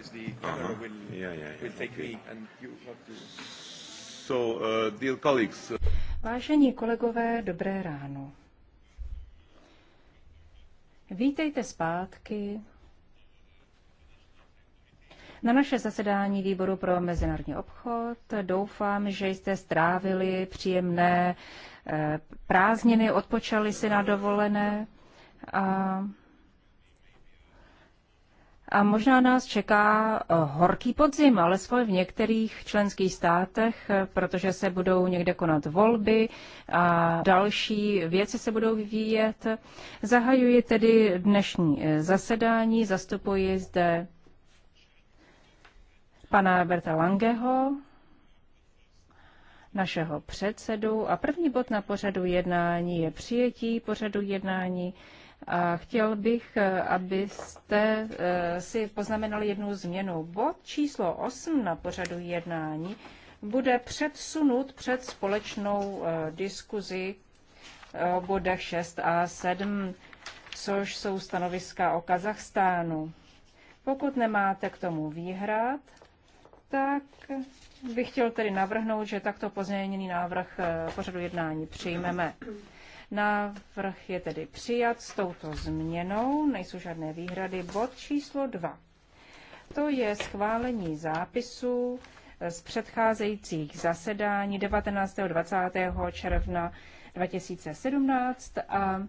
otherwise the uh-huh. camera will, yeah, yeah, yeah. will take okay. me and you have to... So, uh, dear colleagues. Uh, Vážení kolegové, dobré ráno. Vítejte zpátky na naše zasedání výboru pro mezinárodní obchod. Doufám, že jste strávili příjemné eh, prázdniny, odpočali si na dovolené a a možná nás čeká eh, horký podzim, alespoň v některých členských státech, eh, protože se budou někde konat volby a další věci se budou vyvíjet. Zahajuji tedy dnešní eh, zasedání, zastupuji zde pana Berta Langeho, našeho předsedu. A první bod na pořadu jednání je přijetí pořadu jednání chtěl bych, eh, abyste eh, si poznamenali jednu změnu. Bod číslo 8 na pořadu jednání bude předsunut před společnou eh, diskuzi o bodech 6 a 7, což jsou stanoviska o Kazachstánu. Pokud nemáte k tomu výhrad, tak bych chtěl tedy navrhnout, že takto pozměněný návrh pořadu jednání přijmeme. Návrh je tedy přijat s touto změnou, nejsou žádné výhrady. Bod číslo 2. To je schválení zápisu z předcházejících zasedání 19. 20. června 2017 a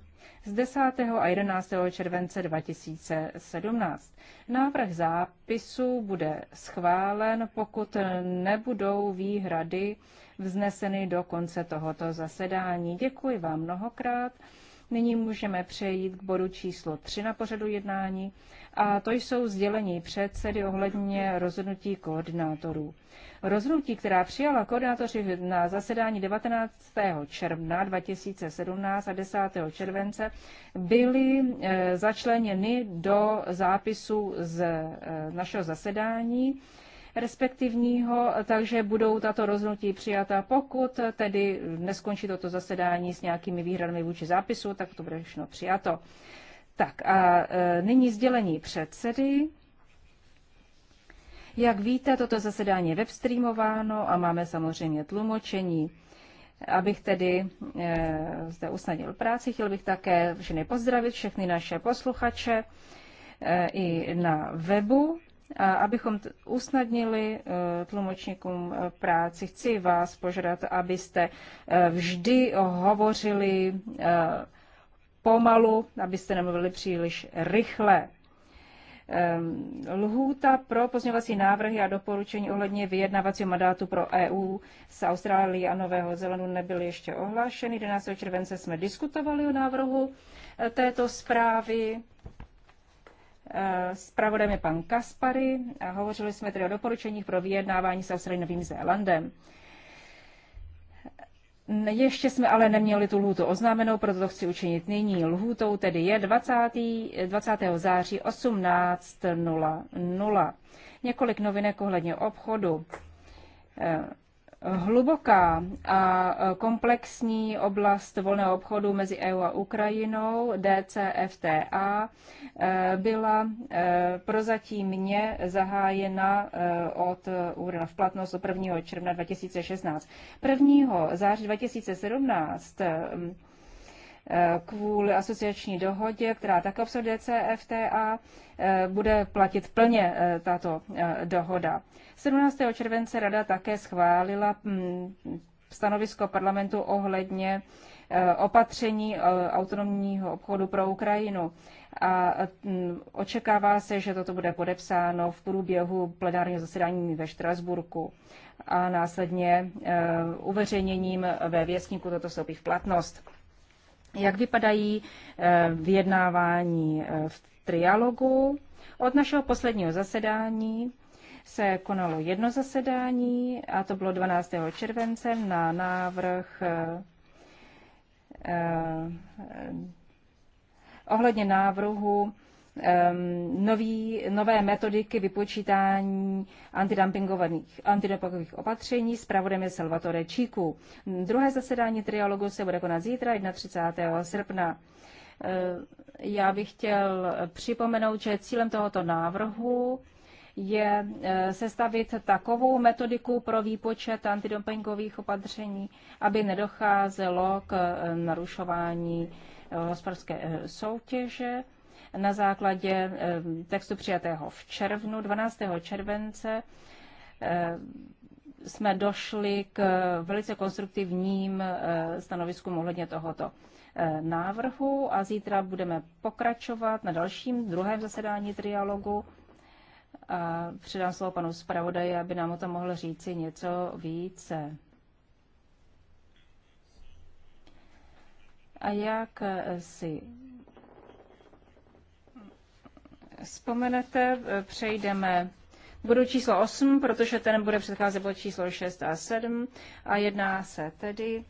z 10. a 11. července 2017. Návrh zápisu bude schválen, pokud nebudou výhrady vzneseny do konce tohoto zasedání. Děkuji vám mnohokrát. Nyní můžeme přejít k bodu číslo 3 na pořadu jednání a to jsou sdělení předsedy ohledně rozhodnutí koordinátorů. Rozhodnutí, která přijala koordinátoři na zasedání 19. června 2017 a 10. července, byly eh, začleněny do zápisu z eh, našeho zasedání respektivního, takže budou tato rozhodnutí přijata. Pokud tedy neskončí toto zasedání s nějakými výhradami vůči zápisu, tak to bude všechno přijato. Tak a e, nyní sdělení předsedy. Jak víte, toto zasedání je webstreamováno a máme samozřejmě tlumočení. Abych tedy e, zde usnadnil práci, chtěl bych také všechny pozdravit, všechny naše posluchače e, i na webu abychom usnadnili e, tlumočníkům e, práci. Chci vás požádat, abyste e, vždy hovořili pomalu, abyste nemluvili příliš rychle. Lhůta pro pozměňovací návrhy a doporučení ohledně vyjednavacího mandátu pro EU z Austrálie a Nového Zelandu nebyly ještě ohlášeny. 11. července jsme diskutovali o návrhu této zprávy Spravodem eh, je pan Kaspary a hovořili jsme tedy o doporučeních pro vyjednávání s Australií Novým Zélandem. Ještě jsme ale neměli tu lhůtu oznámenou, proto to chci učinit nyní. Lhůtou tedy je 20. 20. září 18.00. Několik novinek ohledně obchodu. Eh, hluboká a e, komplexní oblast volného obchodu mezi EU a Ukrajinou, DCFTA, e, byla e, mě zahájena od úrna v platnost od 1. června 2016. 1. září 2017 kvůli asociační dohodě, která také obsahuje CFTA eh, bude platit plně eh, tato eh, dohoda. 17. července Rada také schválila hm, stanovisko parlamentu ohledně opatření autonomního obchodu pro Ukrajinu. A hm, očekává se, že toto bude podepsáno v průběhu plenárního zasedání ve Štrasburku a následně uveřejněním ve věstníku toto vstoupí v platnost jak vypadají eh, vyjednávání eh, v trialogu. Od našeho posledního zasedání se konalo jedno zasedání, a to bylo 12. července na návrh eh, ohledně návrhu Ehm, nový, nové metodiky vypočítání antidumpingových, antidumpingových opatření. pravodem je Salvatore Číku. Druhé zasedání trialogu se bude konat zítra, 31. srpna. Ehm, já bych chtěl připomenout, že cílem tohoto návrhu je ehm, sestavit takovou metodiku pro výpočet antidumpingových opatření, aby nedocházelo k narušování hospodářské soutěže na základě eh, textu přijatého v červnu, 12. července eh, jsme došli k velice konstruktivním eh, stanoviskům ohledně tohoto návrhu a zítra budeme pokračovat na dalším druhém zasedání trialogu. A předám slovo panu zpravodaji, aby nám o tom mohl říci něco více. A jak si vzpomenete, e, přejdeme k bodu číslo 8, protože ten bude předcházet bod číslo 6 a 7 a jedná se tedy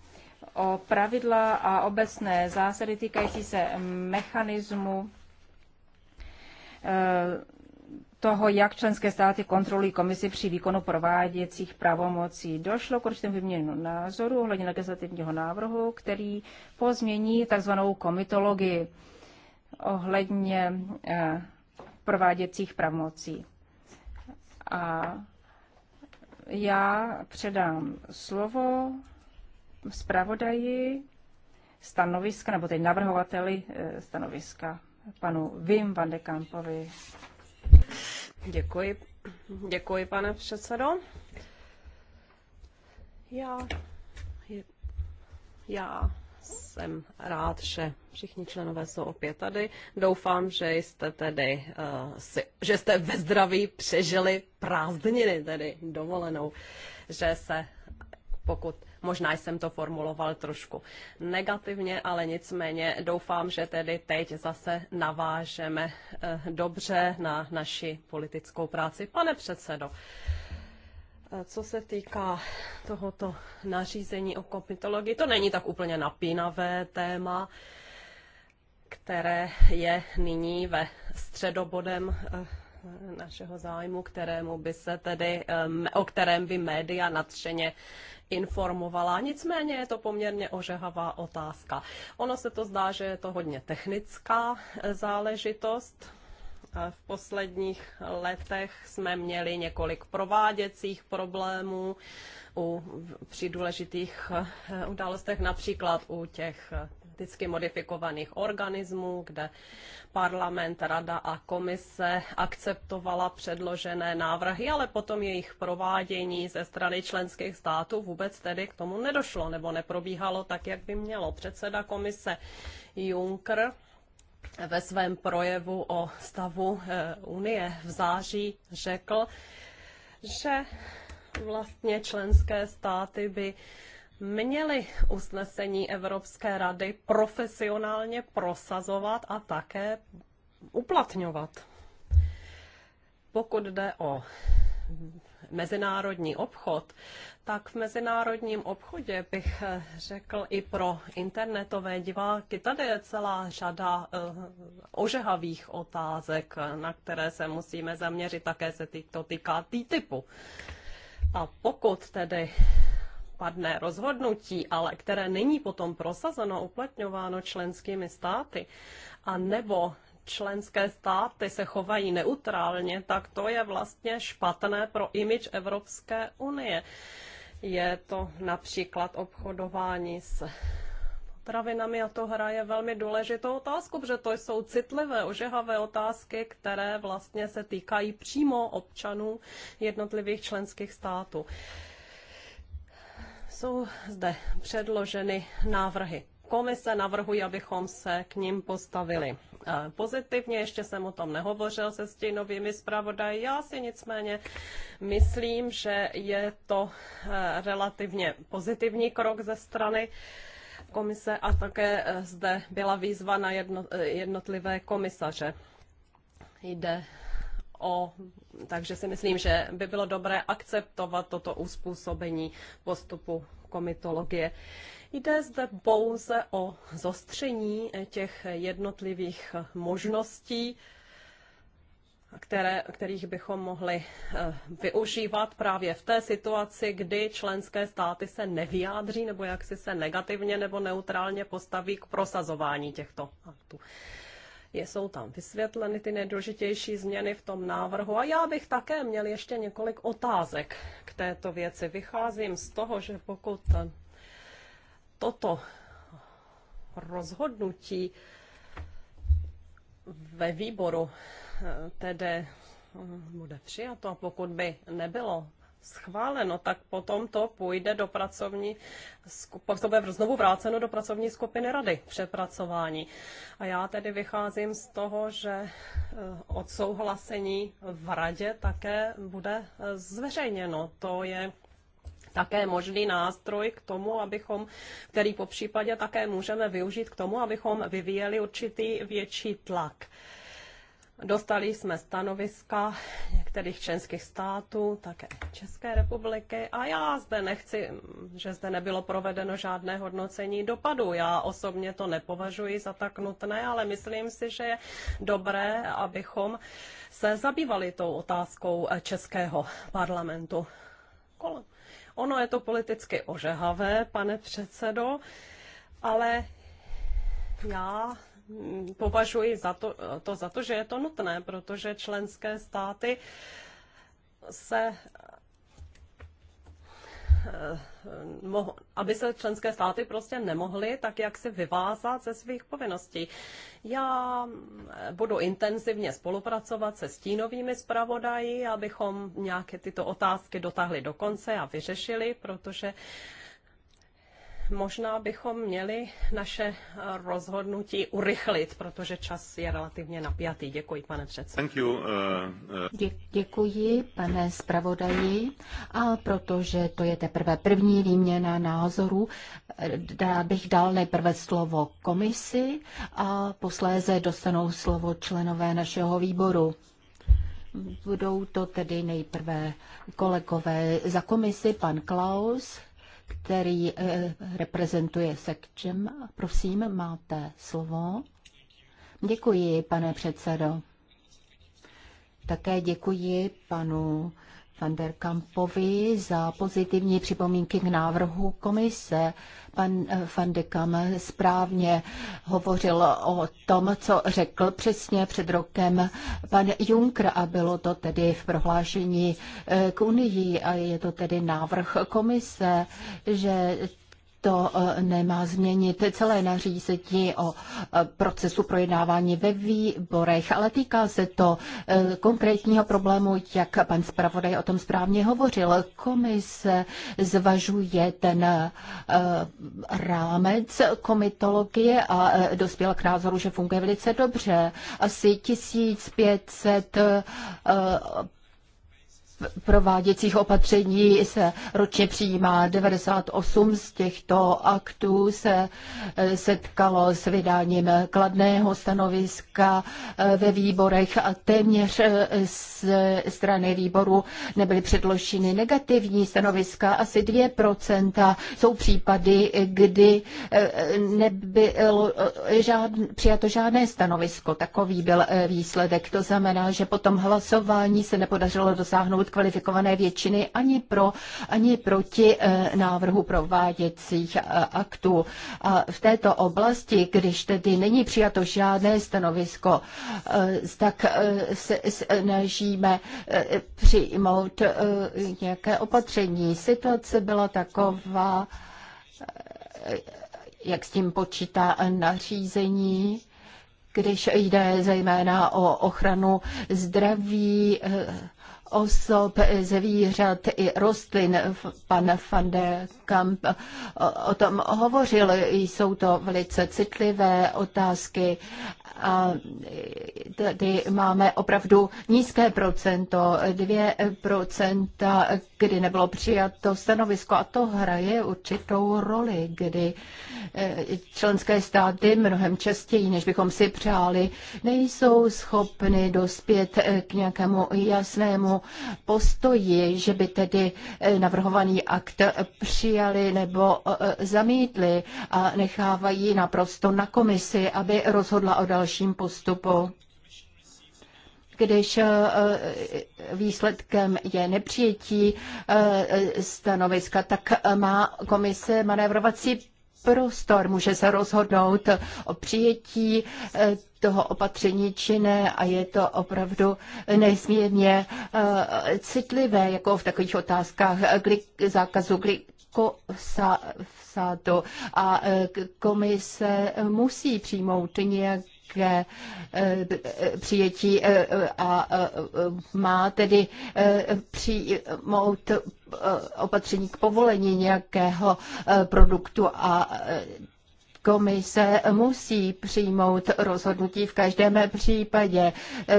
o pravidla a obecné zásady týkající se mechanismu e, toho, jak členské státy kontrolují komisi při výkonu prováděcích pravomocí. Došlo k určitému vyměnu názoru ohledně legislativního návrhu, který pozmění tzv. komitologii ohledně e, prováděcích pravomocí. A já předám slovo zpravodaji stanoviska, nebo teď navrhovateli eh, stanoviska, panu Vim van de Kampovi. Děkuji, děkuji pane předsedo. Já, já jsem rád, že všichni členové jsou opět tady. Doufám, že jste tedy, uh, si, že jste ve zdraví přežili prázdniny, tedy dovolenou, že se pokud možná jsem to formuloval trošku negativně, ale nicméně doufám, že tedy teď zase navážeme eh, dobře na naši politickou práci. Pane předsedo, co se týká tohoto nařízení o komitologii, to není tak úplně napínavé téma, které je nyní ve středobodem eh, našeho zájmu, kterému by se tedy, o kterém by média nadšeně informovala. Nicméně je to poměrně ožehavá otázka. Ono se to zdá, že je to hodně technická eh, záležitost, v posledních letech jsme měli několik prováděcích problémů u, při důležitých eh, událostech, například u těch geneticky eh, modifikovaných organismů, kde parlament, rada a komise akceptovala předložené návrhy, ale potom jejich provádění ze strany členských států vůbec tedy k tomu nedošlo nebo neprobíhalo tak, jak by mělo. Předseda komise Juncker ve svém projevu o stavu eh, Unie v září řekl, že vlastně členské státy by měly usnesení Evropské rady profesionálně prosazovat a také uplatňovat. Pokud jde o mezinárodní obchod, tak v mezinárodním obchodě bych eh, řekl i pro internetové diváky, tady je celá řada eh, ožehavých otázek, na které se musíme zaměřit, také se to týká TTIPu. A pokud tedy padne rozhodnutí, ale které není potom prosazeno, uplatňováno členskými státy, a nebo členské státy se chovají neutrálně, tak to je vlastně špatné pro imič Evropské unie. Je to například obchodování s potravinami a to hraje velmi důležitou otázku, protože to jsou citlivé, ožehavé otázky, které vlastně se týkají přímo občanů jednotlivých členských států. Jsou zde předloženy návrhy komise navrhují, abychom se k ním postavili eh, pozitivně. Ještě jsem o tom nehovořil se stínovými zpravodaji. Já si nicméně myslím, že je to eh, relativně pozitivní krok ze strany komise a také eh, zde byla výzva na jednotlivé komisaře. Jde o, takže si myslím, že by bylo dobré akceptovat toto uspůsobení postupu komitologie. Jde zde pouze o zostření těch jednotlivých možností, které, kterých bychom mohli eh, využívat právě v té situaci, kdy členské státy se nevyjádří nebo jaksi se negativně nebo neutrálně postaví k prosazování těchto aktů. Jsou tam vysvětleny ty nejdůležitější změny v tom návrhu a já bych také měl ještě několik otázek k této věci. Vycházím z toho, že pokud toto rozhodnutí ve výboru eh, tedy eh, bude přijato a pokud by nebylo schváleno, tak potom to půjde do pracovní, pak to bude znovu vráceno do pracovní skupiny rady přepracování. A já tedy vycházím z toho, že eh, odsouhlasení v radě také bude zveřejněno. To je také možný nástroj k tomu, abychom, který po případě také můžeme využít k tomu, abychom vyvíjeli určitý větší tlak. Dostali jsme stanoviska některých členských států, také České republiky a já zde nechci, že zde nebylo provedeno žádné hodnocení dopadu. Já osobně to nepovažuji za tak nutné, ale myslím si, že je dobré, abychom se zabývali tou otázkou Českého parlamentu. Ono je to politicky ožehavé, pane předsedo, ale já považuji za to, to za to, že je to nutné, protože členské státy se aby se členské státy prostě nemohly tak jak si vyvázat ze svých povinností. Já budu intenzivně spolupracovat se stínovými zpravodaji, abychom nějaké tyto otázky dotáhli do konce a vyřešili, protože uh, možná bychom měli naše rozhodnutí urychlit, protože čas je relativně napjatý. Děkuji, pane předsedo. Uh, uh... Dě- děkuji, pane zpravodaji. A protože to je teprve první výměna názorů, dá bych dal nejprve slovo komisi a posléze dostanou slovo členové našeho výboru. Budou to tedy nejprve kolegové za komisi, pan Klaus, který eh, reprezentuje sekčem. Prosím, máte slovo. Děkuji, pane předsedo. Také děkuji panu van der Kampovi za pozitivní připomínky k návrhu komise. Pan eh, van der Kamp správně hovořil o tom, co řekl přesně před rokem pan Juncker a bylo to tedy v prohlášení eh, k Unii a je to tedy návrh komise, že to eh, nemá změnit celé nařízení o eh, procesu projednávání ve výborech, ale týká se to eh, konkrétního problému, jak pan zpravodaj o tom správně hovořil. Komise zvažuje ten rámec komitologie a dospěl k názoru, že funguje velice dobře. Asi 1500 prováděcích opatření se ročně přijímá 98 z těchto aktů se eh, setkalo s vydáním kladného stanoviska eh, ve výborech a téměř eh, z strany výboru nebyly předloženy negativní stanoviska. Asi 2% jsou případy, kdy nebylo žádn, přijato žádné stanovisko. Takový byl výsledek. To znamená, že po tom hlasování se nepodařilo dosáhnout kvalifikované většiny ani, pro, ani proti eh, návrhu prováděcích eh, aktů. A v této oblasti, když tedy není přijato žádné stanovisko, eh, tak se snažíme přijmout nějaké opatření. Situace byla taková, jak s tím počítá nařízení, když jde zejména o ochranu zdraví osob, zvířat i rostlin. Pan van der Kamp o tom hovořil. Jsou to velice citlivé otázky a tady máme opravdu nízké procento, dvě procenta, kdy nebylo přijato stanovisko a to hraje určitou roli, kdy e, členské státy mnohem častěji, než bychom si přáli, nejsou schopny dospět e, k nějakému jasnému postoji, že by tedy eh, navrhovaný akt přijali nebo eh, zamítli a nechávají naprosto na komisi, aby rozhodla o dalším postupu když eh, výsledkem je nepřijetí stanoviska, tak má komise manévrovací prostor, může se rozhodnout o přijetí toho opatření činné a je to opravdu nesmírně eh, citlivé, jako v takových otázkách klik, zákazu klik, kosátu a eh, komise musí přijmout nějak ke eh, přijetí a má tedy přijmout opatření k povolení nějakého produktu a Komise musí přijmout rozhodnutí v každém případě.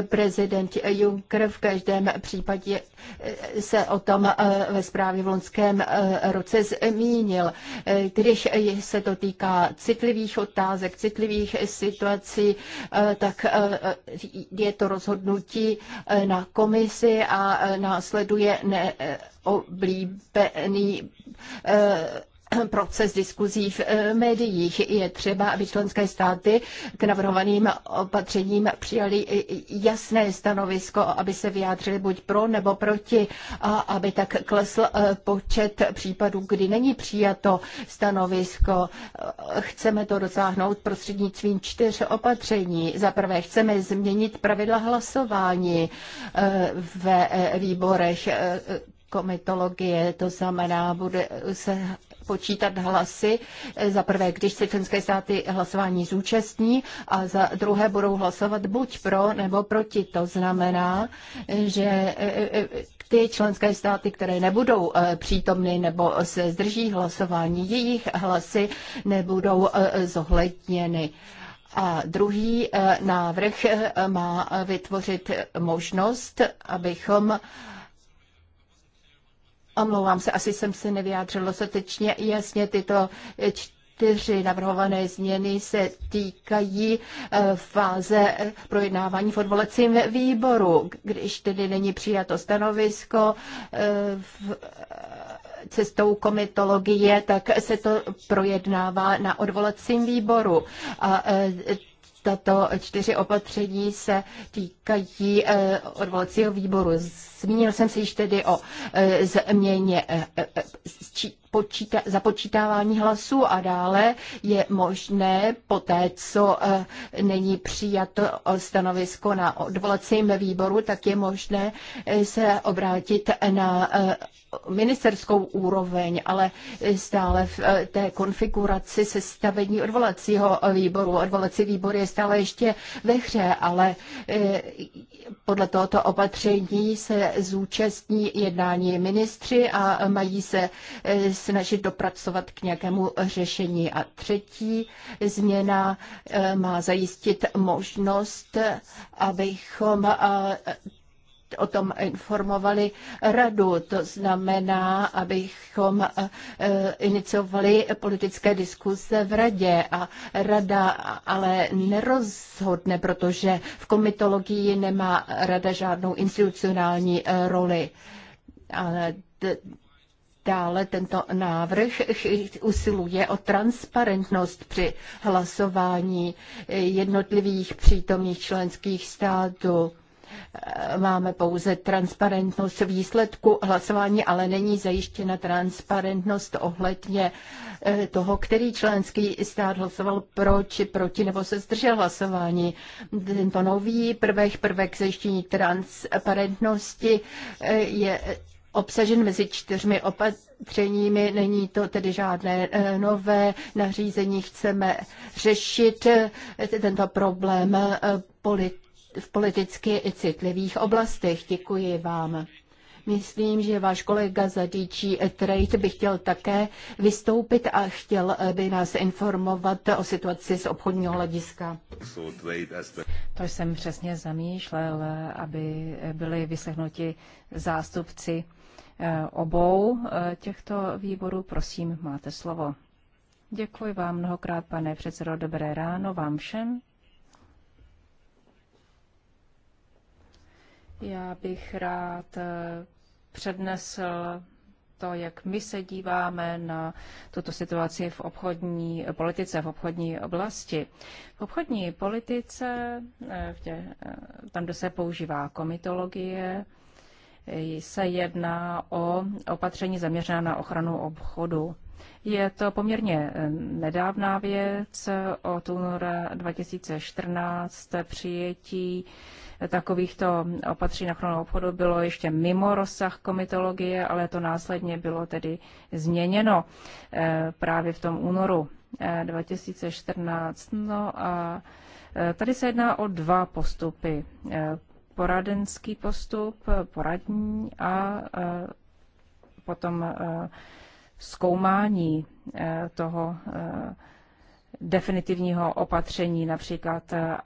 Prezident Juncker v každém případě se o tom eh, ve zprávě v loňském eh, roce zmínil. Eh, když se to týká citlivých otázek, citlivých situací, tak je to rozhodnutí na komisi a následuje neoblíbený proces diskuzí v eh, médiích. Je třeba, aby členské státy k navrhovaným opatřením přijali jasné stanovisko, aby se vyjádřili buď pro nebo proti a aby tak klesl eh, počet případů, kdy není přijato stanovisko. Eh, chceme to dosáhnout prostřednictvím čtyř opatření. Za prvé chceme změnit pravidla hlasování ve výborech komitologie, to znamená, bude se počítat hlasy. Za prvé, když se členské státy hlasování zúčastní a za druhé budou hlasovat buď pro nebo proti. To znamená, že e, e, ty členské státy, které nebudou e, přítomny nebo se zdrží hlasování, jejich hlasy nebudou zohledněny. A druhý návrh má vytvořit možnost, abychom Omlouvám se, asi jsem se nevyjádřil dostatečně jasně tyto čtyři navrhované změny se týkají eh, fáze projednávání v odvolacím výboru, když tedy není přijato stanovisko eh, v eh, cestou komitologie, tak se to projednává na odvolacím výboru. A tato čtyři opatření se týkají odvolacího výboru. Zmínil jsem se již tedy o e, změně e, e, počíta, započítávání hlasů a dále je možné po té, co není přijato stanovisko na odvolacím výboru, tak je možné se obrátit na ministerskou úroveň, ale stále v té konfiguraci sestavení odvolacího výboru. Odvolací výbor je stále ještě ve hře, ale podle tohoto opatření se zúčastní jednání ministři a mají se eh, snažit dopracovat k nějakému řešení. A třetí změna eh, má zajistit možnost, abychom eh, o tom informovali radu. To znamená, abychom eh, iniciovali politické diskuse v radě a rada ale nerozhodne, protože v komitologii nemá rada žádnou institucionální eh, roli. Ale Dále tento návrh usiluje o transparentnost při hlasování jednotlivých přítomných členských států. Máme pouze transparentnost výsledku hlasování, ale není zajištěna transparentnost ohledně eh, toho, který členský stát hlasoval pro či proti nebo se zdržel hlasování. Tento nový prvek, prvek zajištění transparentnosti eh, je obsažen mezi čtyřmi opatřeními. Není to tedy žádné eh, nové nařízení. Chceme řešit tento problém polit v politicky citlivých oblastech. Děkuji vám. Myslím, že váš kolega za DG Trade by chtěl také vystoupit a chtěl by nás informovat o situaci z obchodního hlediska. To jsem přesně zamýšlel, aby byli vyslechnuti zástupci eh, obou eh, těchto výborů. Prosím, máte slovo. Děkuji vám mnohokrát, pane předsedo. Dobré ráno vám všem. Já bych rád eh, přednesl to, jak my se díváme na tuto situaci v obchodní politice, v obchodní oblasti. V obchodní politice, eh, v tě, eh, tam, kde se používá komitologie, se jedná o opatření zaměřená na ochranu obchodu. Je to poměrně eh, nedávná věc od února 2014 přijetí eh, takovýchto opatření na ochranu obchodu bylo ještě mimo rozsah komitologie, ale to následně bylo tedy změněno eh, právě v tom únoru 2014. No a tady se jedná o dva postupy. Poradenský postup, poradní a potom zkoumání eh, toho eh, definitivního opatření, například eh,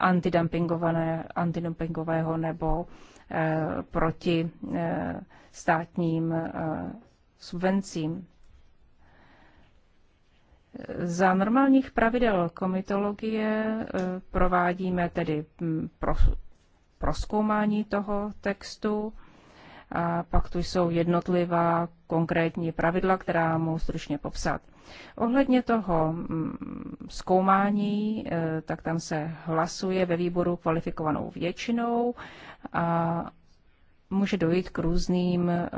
antidumpingového nebo proti státním subvencím. Za normálních pravidel komitologie provádíme tedy hm, proskoumání toho textu a pak tu jsou jednotlivá konkrétní pravidla, která mohu stručně popsat. Ohledně toho mm, zkoumání, eh, tak tam se hlasuje ve výboru kvalifikovanou většinou a může dojít k různým eh,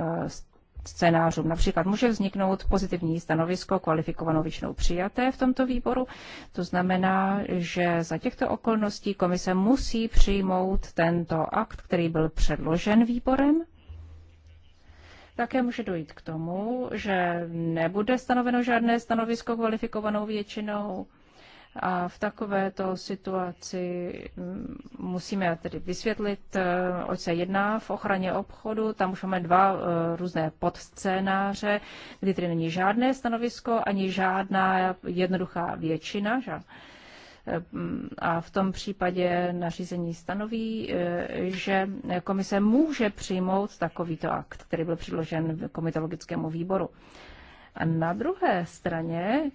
scénářům. Například může vzniknout pozitivní stanovisko kvalifikovanou většinou přijaté v tomto výboru. To znamená, že za těchto okolností komise musí přijmout tento akt, který byl předložen výborem také může dojít k tomu, že nebude stanoveno žádné stanovisko kvalifikovanou většinou a v takovéto situaci mm, musíme tedy vysvětlit, co eh, se jedná v ochraně obchodu. Tam už máme dva eh, různé podscénáře, kdy tedy není žádné stanovisko ani žádná jednoduchá většina, a v tom případě nařízení stanoví, eh, že komise může přijmout takovýto akt, který byl předložen komitologickému výboru. A na druhé straně,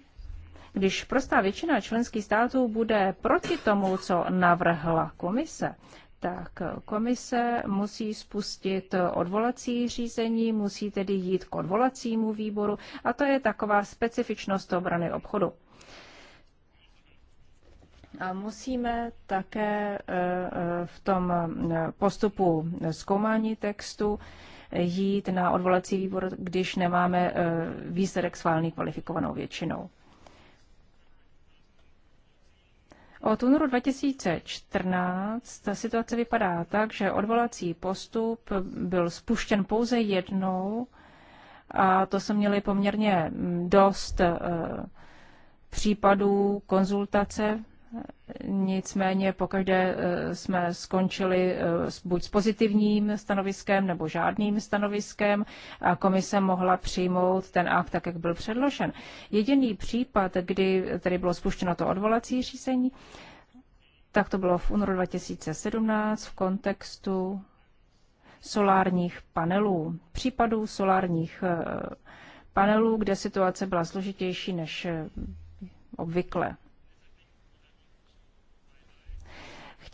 když prostá většina členských států bude proti tomu, co navrhla komise, tak komise musí spustit odvolací řízení, musí tedy jít k odvolacímu výboru a to je taková specifičnost obrany obchodu. A musíme také e, e, v tom e, postupu zkoumání textu jít na odvolací výbor, když nemáme výsledek schválený kvalifikovanou většinou. Od únoru 2014 ta situace vypadá tak, že odvolací postup byl spuštěn pouze jednou a to jsme měli poměrně mm, dost případů konzultace Nicméně pokaždé eh, jsme skončili eh, buď s pozitivním stanoviskem nebo žádným stanoviskem a komise mohla přijmout ten akt tak, jak byl předložen. Jediný případ, kdy tady bylo spuštěno to odvolací řízení, tak to bylo v únoru 2017 v kontextu solárních panelů, případů solárních eh, panelů, kde situace byla složitější než obvykle.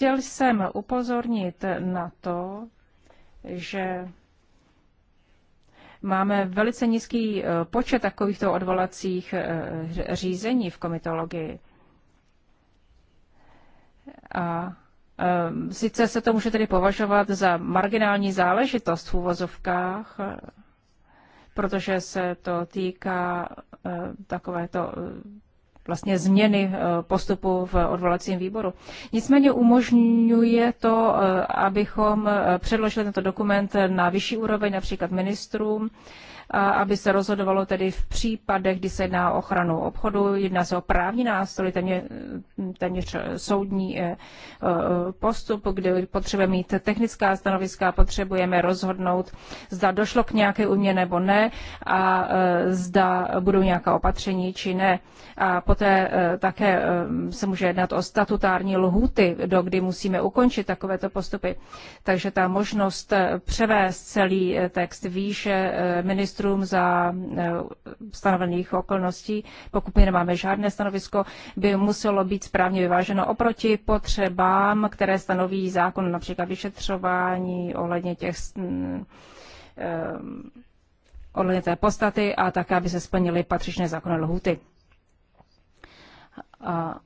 Chtěl jsem upozornit na to, že máme velice nízký eh, počet takovýchto odvolacích eh, řízení v komitologii. A eh, sice se to může tedy považovat za marginální záležitost v uvozovkách, protože se to týká takovéto vlastně změny eh, postupu v odvolacím výboru. Nicméně umožňuje to, eh, abychom eh, předložili tento dokument na vyšší úroveň, například ministrům, aby se rozhodovalo tedy v případech, kdy se jedná o ochranu obchodu, jedná se o právní nástroj, téměř, téměř soudní eh, eh, postup, kdy potřebujeme mít technická stanoviska, potřebujeme rozhodnout, zda došlo k nějaké umě nebo ne a eh, zda budou nějaká opatření či ne. A poté také se může jednat o statutární lhuty, do kdy musíme ukončit takovéto postupy. Takže ta možnost převést celý text výše ministrů ministrům za eh, stanovených okolností, pokud my nemáme žádné stanovisko, by muselo být správně vyváženo oproti potřebám, které stanoví zákon, například vyšetřování ohledně těch eh, ohledně té podstaty a také, aby se splnily patřičné zákonné lhuty. A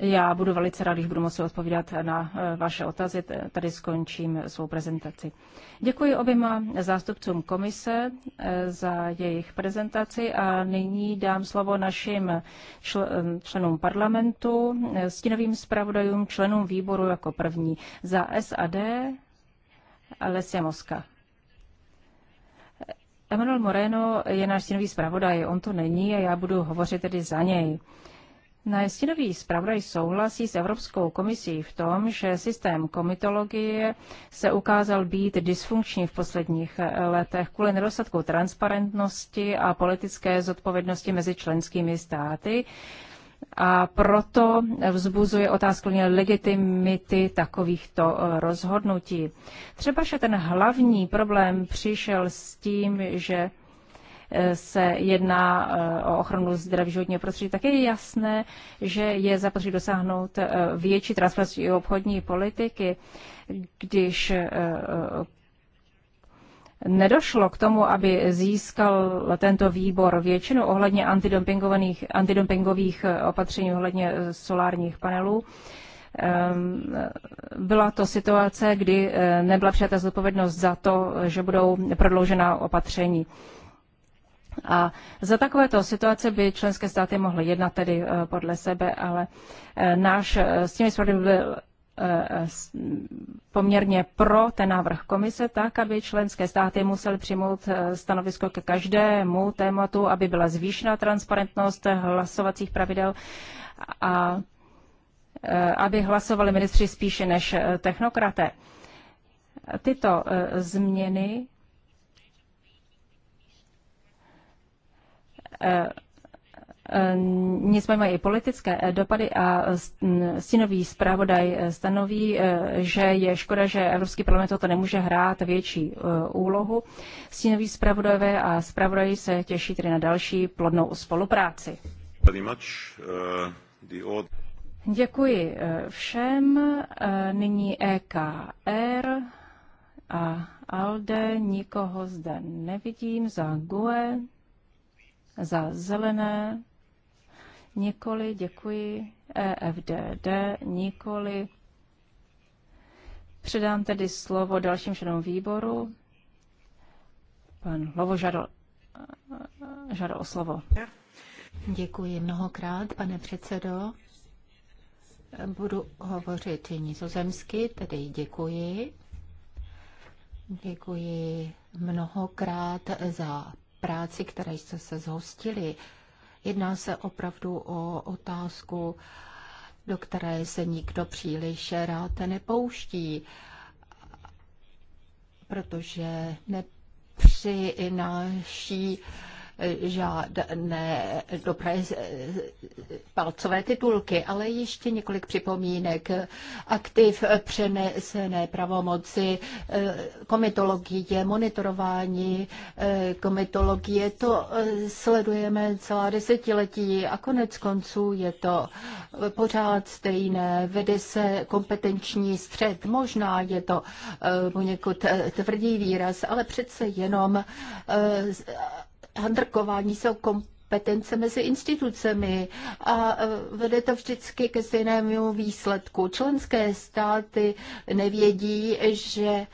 já budu velice rád, když budu moci odpovídat na eh, vaše otazy. Tady skončím svou prezentaci. Děkuji oběma zástupcům komise eh, za jejich prezentaci a nyní dám slovo našim eh, členům parlamentu, stinovým zpravodajům, členům výboru jako první za SAD Alessia Moska. Emanuel Moreno je náš stínový zpravodaj, on to není a já budu hovořit tedy za něj. Stinový zpravodaj souhlasí s Evropskou komisí v tom, že systém komitologie se ukázal být dysfunkční v posledních eh, letech kvůli nedostatku transparentnosti a politické zodpovědnosti mezi členskými státy. A proto vzbuzuje otázku legitimity takovýchto eh, rozhodnutí. Třeba, že ten hlavní problém přišel s tím, že se jedná eh, o ochranu zdraví životního prostředí, tak je jasné, že je zapotřebí dosáhnout eh, větší transparentnosti obchodní politiky, když eh, nedošlo k tomu, aby získal tento výbor většinu ohledně antidumpingových, antidumpingových opatření, ohledně solárních panelů. Ehm, byla to situace, kdy nebyla přijata zodpovědnost za to, že budou prodloužena opatření. A za takovéto situace by členské státy mohly jednat tedy eh, podle sebe, ale eh, náš eh, s tím sporty byl poměrně pro ten návrh komise, tak aby členské státy musely přijmout stanovisko ke každému tématu, aby byla zvýšena transparentnost hlasovacích pravidel a aby hlasovali ministři spíše než technokraté. Tyto změny Eh, eh, nicméně mají i politické eh, dopady a mm, stínový zpravodaj stanoví, že je škoda, že Evropský parlament toto nemůže hrát větší úlohu. Stínový zpravodajové a zpravodaj se těší tedy na další plodnou spolupráci. Děkuji všem. Nyní EKR a ALDE. Nikoho zde nevidím za GUE za zelené, nikoli, děkuji, EFDD, nikoli. Předám tedy slovo dalším členům výboru. Pan Lovo žádal, žádal o slovo. Děkuji mnohokrát, pane předsedo. Budu hovořit nizozemsky, tedy děkuji. Děkuji mnohokrát za práci, které jste se zhostili. Jedná se opravdu o otázku, do které se nikdo příliš rád nepouští, protože nepřináší naší žádné dobré palcové titulky, ale ještě několik připomínek. Aktiv přenesené pravomoci, eh, komitologie, monitorování eh, komitologie, to eh, sledujeme celá desetiletí a konec konců je to pořád stejné. Vede se kompetenční střed. Možná je to poněkud tvrdý výraz, ale přece jenom handrkování jsou kompetence mezi institucemi a e, vede to vždycky ke stejnému výsledku. Členské státy nevědí, že e,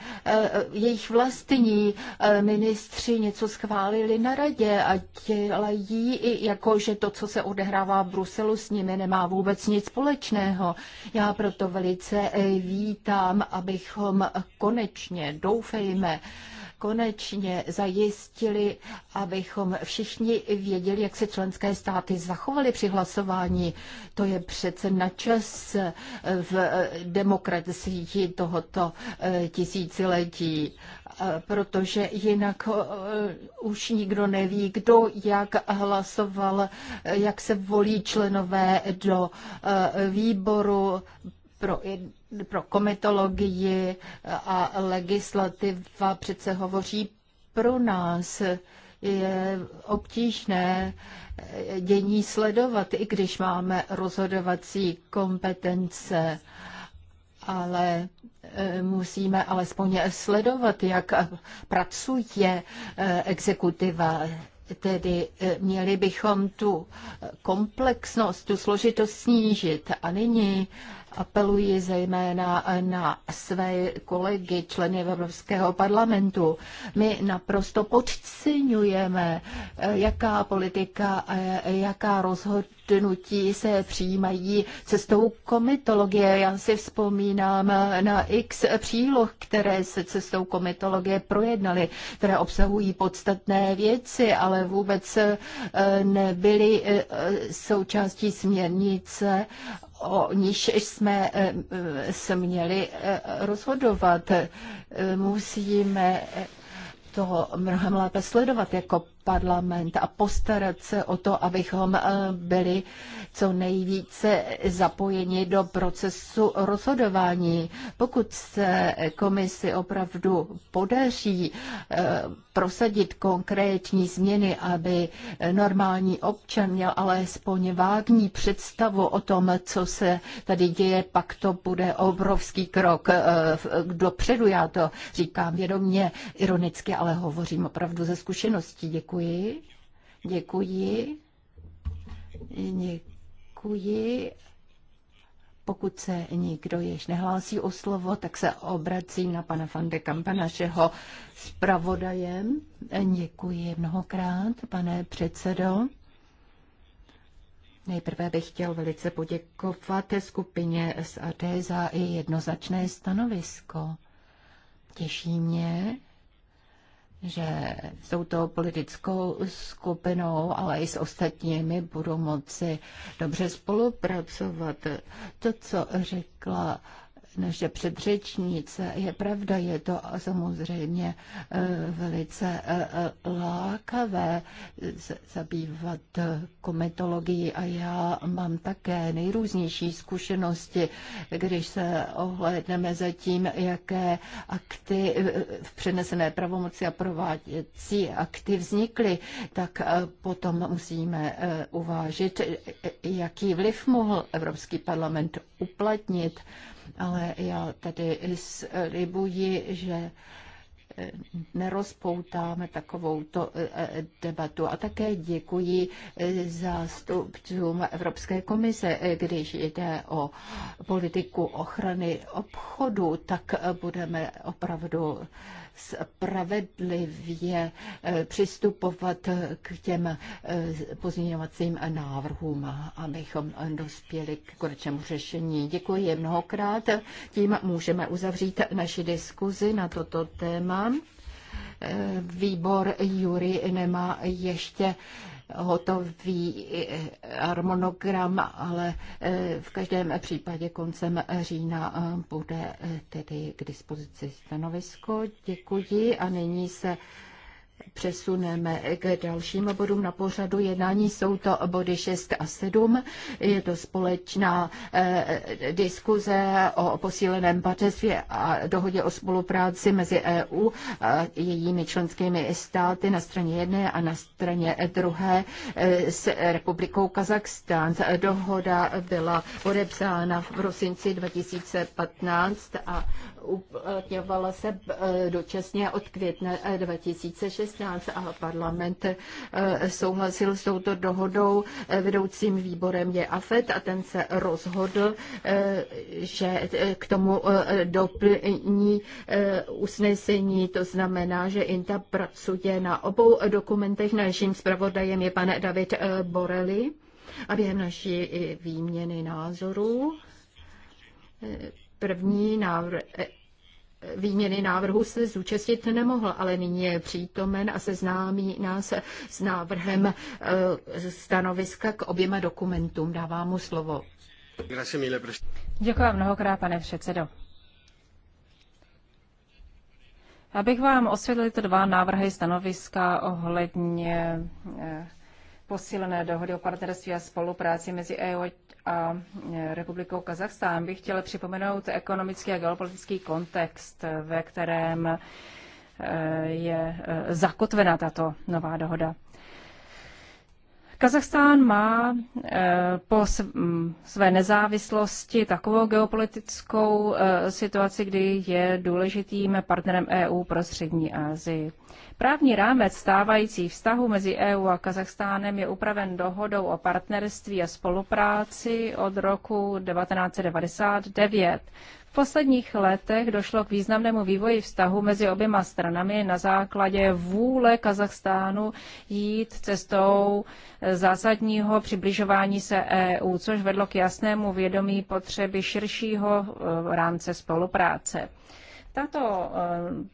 jejich vlastní e, ministři něco schválili na radě a dělají i jako, že to, co se odehrává v Bruselu, s nimi nemá vůbec nic společného. Já proto velice vítám, abychom konečně, doufejme, konečně zajistili, abychom všichni věděli, jak se členské státy zachovaly při hlasování. To je přece na čas v demokracii tohoto eh, tisíciletí eh, protože jinak eh, už nikdo neví, kdo jak hlasoval, jak se volí členové do výboru pro, pro komitologii a legislativa přece hovoří pro nás. Je obtížné eh, dění sledovat, i když máme rozhodovací kompetence, ale eh, musíme alespoň sledovat, jak pracuje eh, exekutiva Tedy měli bychom tu komplexnost, tu složitost snížit. A nyní Apeluji zejména na své kolegy, členy Evropského parlamentu. My naprosto podceňujeme, eh, jaká politika, eh, jaká rozhodnutí rozhodnutí se přijímají cestou komitologie. Já si vzpomínám na x příloh, které se cestou komitologie projednaly, které obsahují podstatné věci, ale vůbec eh, nebyly eh, součástí směrnice o níž jsme eh, se měli rozhodovat. Musíme to mnohem lépe sledovat jako parlament a postarat se o to, abychom eh, byli co nejvíce zapojeni do procesu rozhodování. Pokud se komisi opravdu podaří eh, prosadit konkrétní změny, aby normální občan měl alespoň vágní představu o tom, co se tady děje, pak to bude obrovský krok eh, dopředu. Já to říkám vědomě, ironicky, ale hovořím opravdu ze zkušeností. Děkuji. Děkuji. Děkuji. Děkuji. Pokud se nikdo již nehlásí o slovo, tak se obracím na pana van de Kampa, našeho zpravodaje. Děkuji mnohokrát, pane předsedo. Nejprve bych chtěl velice poděkovat skupině SAD za i jednoznačné stanovisko. Těší mě, že s touto politickou skupinou, ale i s ostatními budu moci dobře spolupracovat. To, co řekla naše předřečnice. Je pravda, je to samozřejmě eh, velice eh, eh, lákavé zabývat kometologií a já mám také nejrůznější zkušenosti, když se ohledneme za tím, jaké akty v přenesené pravomoci a prováděcí akty vznikly, tak potom musíme uvážit, jaký vliv mohl Evropský parlament uplatnit ale já tady slibuji, že eh, nerozpoutáme takovou eh, eh, debatu. A také děkuji zástupcům Evropské komise, když jde o politiku ochrany obchodu, tak budeme opravdu spravedlivě eh, přistupovat eh, k těm eh, pozměňovacím návrhům, abychom dospěli k konečnému řešení. Děkuji mnohokrát. Tím můžeme uzavřít naši diskuzi na toto téma. Výbor Jury nemá ještě hotový eh, harmonogram, ale eh, v každém případě koncem října eh, bude tedy k dispozici stanovisko. Děkuji a nyní se přesuneme k dalším bodům na pořadu jednání. Jsou to body 6 a 7. Je to společná eh, diskuze o posíleném partnerství a dohodě o spolupráci mezi EU a jejími členskými státy na straně jedné a na straně druhé eh, s republikou Kazachstán. Dohoda byla podepsána v prosinci 2015 a uplatňovala se eh, dočasně od května 2016 eh, a parlament eh, souhlasil s touto dohodou. Vedoucím výborem je AFET a ten se rozhodl, že k tomu doplní usnesení. To znamená, že INTA pracuje na obou dokumentech. Naším zpravodajem je pan David Borelli a během naší výměny názorů první návr- e, e, výměny návrhu se zúčastnit nemohl, ale nyní je přítomen a seznámí nás s návrhem e, stanoviska k oběma dokumentům. Dávám mu slovo. Děkuji mnohokrát, pane předsedo. Abych vám osvětlil ty dva návrhy stanoviska ohledně eh, posílené dohody o partnerství a spolupráci mezi EU a e, Republikou Kazachstán bych chtěla připomenout ekonomický a geopolitický kontext, ve kterém e, je e, zakotvena tato nová dohoda. Kazachstán má eh, po mm, své nezávislosti takovou geopolitickou eh, situaci, kdy je důležitým partnerem EU pro střední Asii. Právní rámec stávající vztahu mezi EU a Kazachstánem je upraven dohodou o partnerství a spolupráci od roku 1999. V posledních letech došlo k významnému vývoji vztahu mezi oběma stranami na základě vůle Kazachstánu jít cestou eh, zásadního přibližování se EU, což vedlo k jasnému vědomí potřeby širšího eh, rámce spolupráce. Tato eh,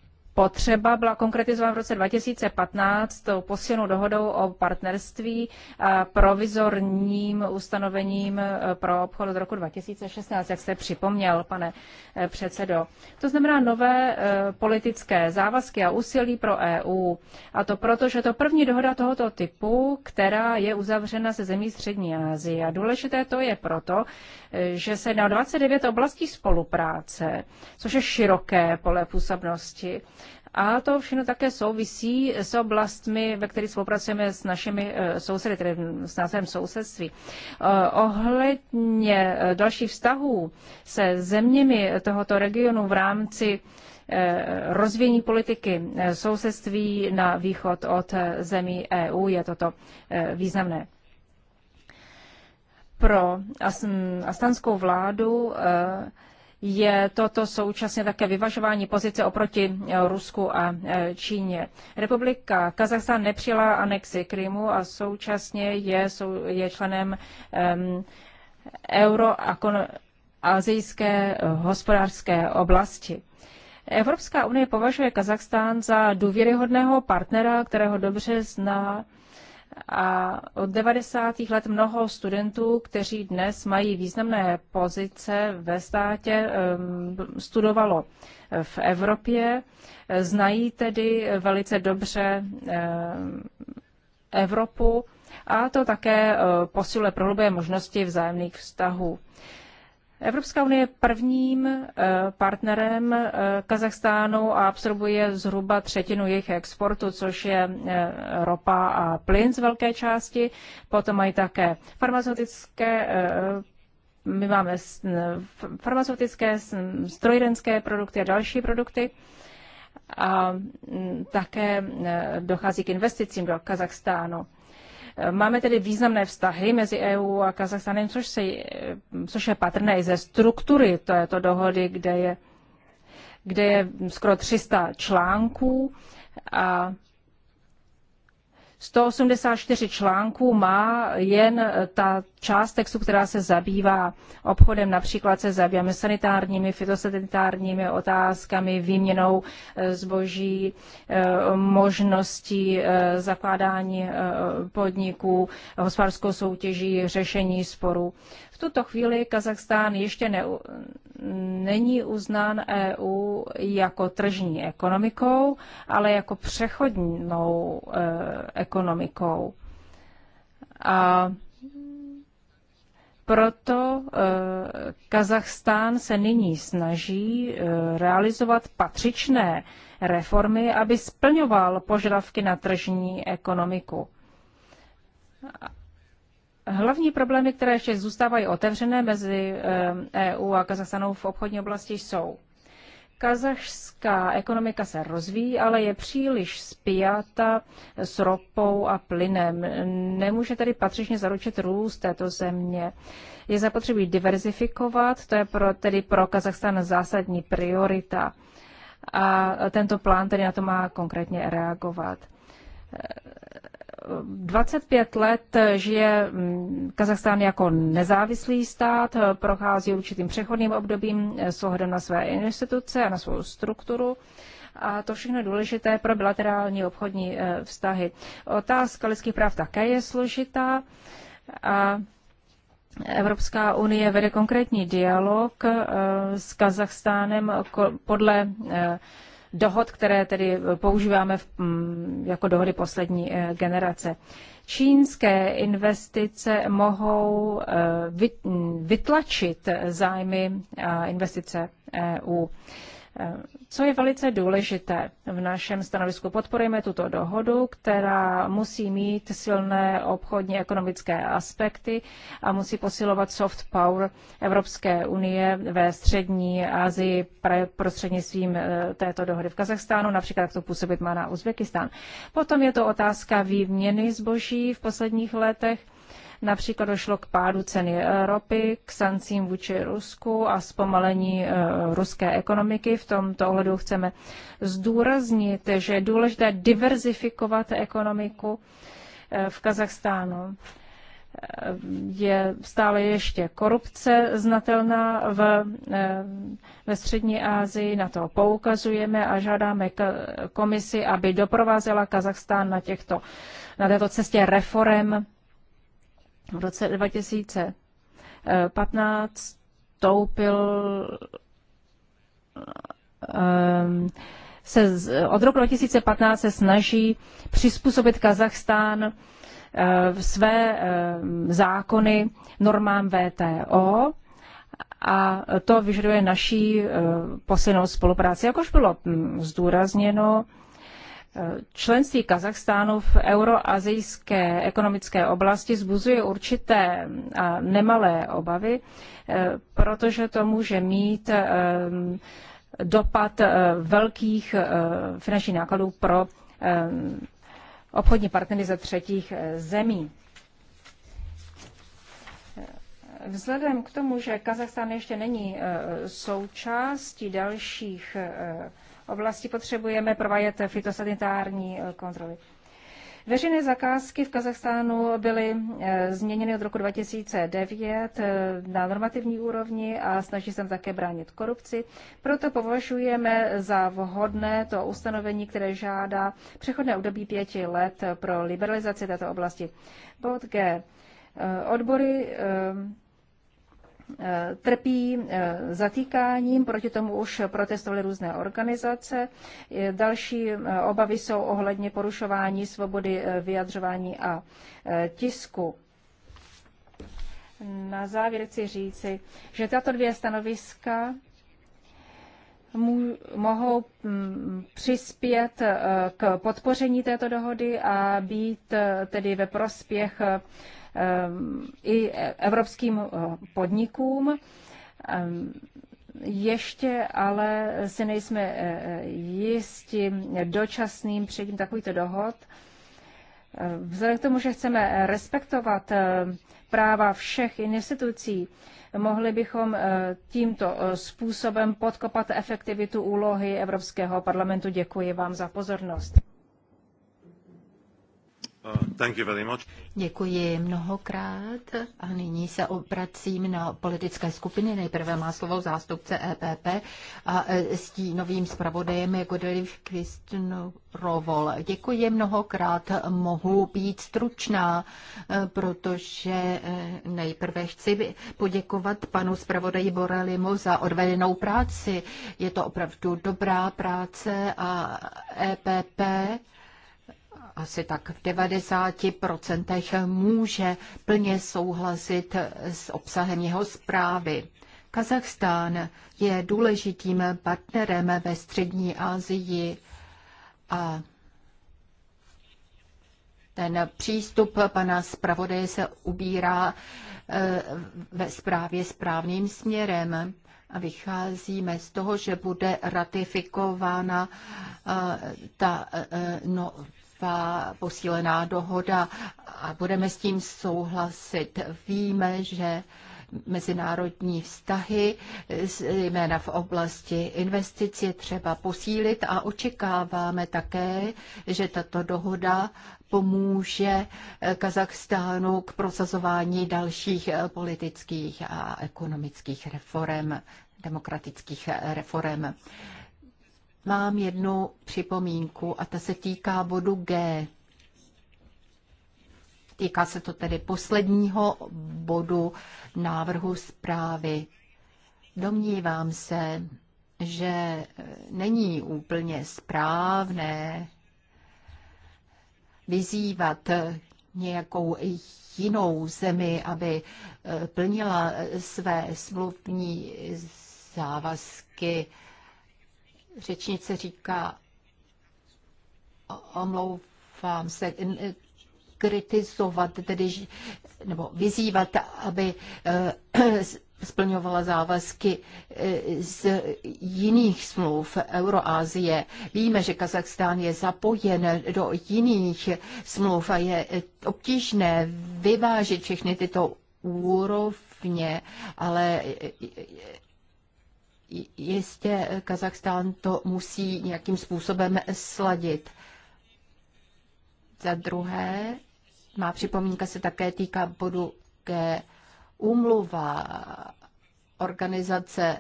potřeba byla konkretizována v roce 2015 tou posílenou dohodou o partnerství a provizorním ustanovením e, pro obchod od roku 2016, jak jste připomněl, pane e, předsedo. To znamená nové e, politické závazky a úsilí pro EU. A to proto, že to první dohoda tohoto typu, která je uzavřena se zemí Střední Asie. A důležité to je proto, že se na 29 oblastí spolupráce, což je široké pole působnosti, a to všechno také souvisí s oblastmi, ve kterých spolupracujeme s našimi eh, sousedy, tedy s názvem sousedství. Eh, ohledně eh, dalších vztahů se zeměmi tohoto regionu v rámci rozvíjení politiky sousedství na východ od zemí EU je toto významné. Pro astanskou vládu eh, je toto současně také vyvažování pozice oproti eh, Rusku a eh, Číně. Republika Kazachstán nepřijala anexi Krymu a současně je, je členem um, euro a azijské hospodářské oblasti. Evropská unie považuje Kazachstán za důvěryhodného partnera, kterého dobře zná a od 90. let mnoho studentů, kteří dnes mají významné pozice ve státě, studovalo v Evropě, znají tedy velice dobře Evropu a to také eh, posiluje prohlubuje možnosti vzájemných vztahů. Evropská unie je prvním eh, partnerem eh, Kazachstánu a absorbuje zhruba třetinu jejich exportu, což je eh, ropa a plyn z velké části. Potom mají také farmaceutické my máme farmaceutické, strojírenské produkty a další produkty. A mm, také dochází k investicím do Kazachstánu. Máme tedy významné vztahy mezi EU a Kazachstanem, což, se, což je patrné i ze struktury této dohody, kde je, kde je skoro 300 článků a 184 článků má jen ta část textu, která se zabývá obchodem. Například se zabýváme sanitárními, fitosanitárními otázkami, výměnou eh, zboží, eh, možností eh, zakládání podniků, hospodářskou soutěží, řešení sporů tuto chvíli Kazachstán ještě ne, není uznán EU jako tržní ekonomikou, ale jako přechodnou eh, ekonomikou. A proto eh, Kazachstán se nyní snaží eh, realizovat patřičné reformy, aby splňoval požadavky na tržní ekonomiku Hlavní problémy, které ještě zůstávají otevřené mezi EU eh, e a Kazachstanou v obchodní oblasti jsou. Kazachská ekonomika se rozvíjí, ale je příliš spjata s ropou a plynem. Nemůže tedy patřičně zaručit růst této země. Je zapotřebí diverzifikovat, to je pro, tedy pro Kazachstan zásadní priorita. A tento plán tedy na to má konkrétně reagovat. 25 let žije mm, Kazachstán jako nezávislý stát, prochází určitým přechodným obdobím s ohledem na své instituce a na svou strukturu. A to všechno je důležité pro bilaterální obchodní eh, vztahy. Otázka lidských práv také je složitá. A Evropská unie vede konkrétní dialog eh, s Kazachstánem podle eh, dohod, které tedy eh, používáme v, mm, jako dohody poslední eh, generace. Čínské investice mohou eh, mm, vytlačit zájmy a investice EU. Co je velice důležité v našem stanovisku, podporujeme tuto dohodu, která musí mít silné obchodní ekonomické aspekty a musí posilovat soft power Evropské unie ve střední Asii prostřednictvím eh, této dohody v Kazachstánu, například jak to působit má na Uzbekistán. Potom je to otázka výměny zboží v posledních letech. Například došlo k pádu ceny ropy, k sankcím vůči Rusku a zpomalení eh, ruské ekonomiky. V tomto ohledu chceme zdůraznit, že je důležité diverzifikovat ekonomiku eh, v Kazachstánu eh, je stále ještě korupce znatelná v, ve střední Asii, na to poukazujeme a žádáme komisi, aby doprovázela Kazachstán na, těchto, na této cestě reform v roce 2015 eh, stoupil ehm, se z, od roku 2015 se snaží přizpůsobit Kazachstán v eh, své ehm, zákony normám VTO a to vyžaduje naší eh, posilnou spolupráci. Jak už bylo hm, zdůrazněno, Členství Kazachstánu v euroazijské ekonomické oblasti zbuzuje určité a nemalé obavy, e, protože to může mít e, dopad e, velkých finančních nákladů pro obchodní partnery ze třetích zemí. Vzhledem k tomu, že Kazachstán ještě není součástí dalších oblasti potřebujeme provádět fitosanitární eh, kontroly. Veřejné zakázky v Kazachstánu byly eh, změněny od roku 2009 eh, na normativní úrovni a snaží se také bránit korupci. Proto považujeme za vhodné to ustanovení, které žádá přechodné období pěti let pro liberalizaci této oblasti. Bod G. Odbory Eh, trpí eh, zatýkáním, proti tomu už protestovaly různé organizace. Eh, další obavy jsou ohledně porušování svobody vyjadřování a tisku. Na závěr chci říci, že tato dvě stanoviska mohou mm, přispět k podpoření této dohody a být tedy ve prospěch i evropským eh, podnikům. Ehm, ještě ale si nejsme eh, jisti dočasným přijetím takovýchto dohod. Ehm, vzhledem k tomu, že chceme respektovat eh, práva všech institucí, mohli bychom tímto způsobem podkopat efektivitu úlohy Evropského parlamentu. Děkuji vám za pozornost. Děkuji mnohokrát a nyní se obracím na politické skupiny. Nejprve má slovo zástupce EPP a e, novým zpravodajem je Godeliv Rovol. Děkuji mnohokrát, mohu být stručná, e, protože e, nejprve chci poděkovat panu zpravodaji Borelimu za odvedenou práci. Je to opravdu dobrá práce a EPP asi tak v 90% může plně souhlasit s obsahem jeho zprávy. Kazachstán je důležitým partnerem ve střední Asii a ten přístup pana zpravodaje se ubírá eh, ve zprávě správným směrem. A vycházíme z toho, že bude ratifikována eh, ta eh, no ta posílená dohoda a budeme s tím souhlasit. Víme, že mezinárodní vztahy, jména v oblasti investic, je třeba posílit a očekáváme také, že tato dohoda pomůže Kazachstánu k prosazování dalších politických a ekonomických reform, demokratických reform. Mám jednu připomínku a ta se týká bodu G. Týká se to tedy posledního bodu návrhu zprávy. Domnívám se, že není úplně správné vyzývat nějakou jinou zemi, aby eh, plnila své smluvní závazky Řečnice říká, omlouvám se, e, kritizovat, tedy, nebo vyzývat, aby e, splňovala závazky e, z jiných smluv Euroázie. Víme, že Kazachstán je zapojen do jiných smluv a je obtížné vyvážit všechny tyto úrovně, ale Jistě Kazachstán to musí nějakým způsobem sladit. Za druhé, má připomínka se také týká bodu ke Úmluva Organizace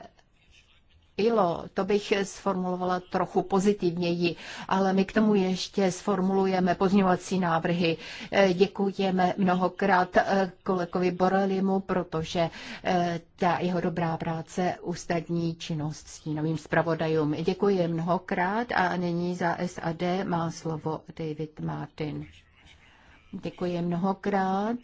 bylo, To bych sformulovala trochu pozitivněji, ale my k tomu ještě sformulujeme pozňovací návrhy. Eh, děkujeme mnohokrát eh, kolegovi Borelimu, protože eh, ta jeho dobrá práce ústavní činnost s novým zpravodajům. Děkuji mnohokrát a nyní za SAD má slovo David Martin. Děkuji mnohokrát.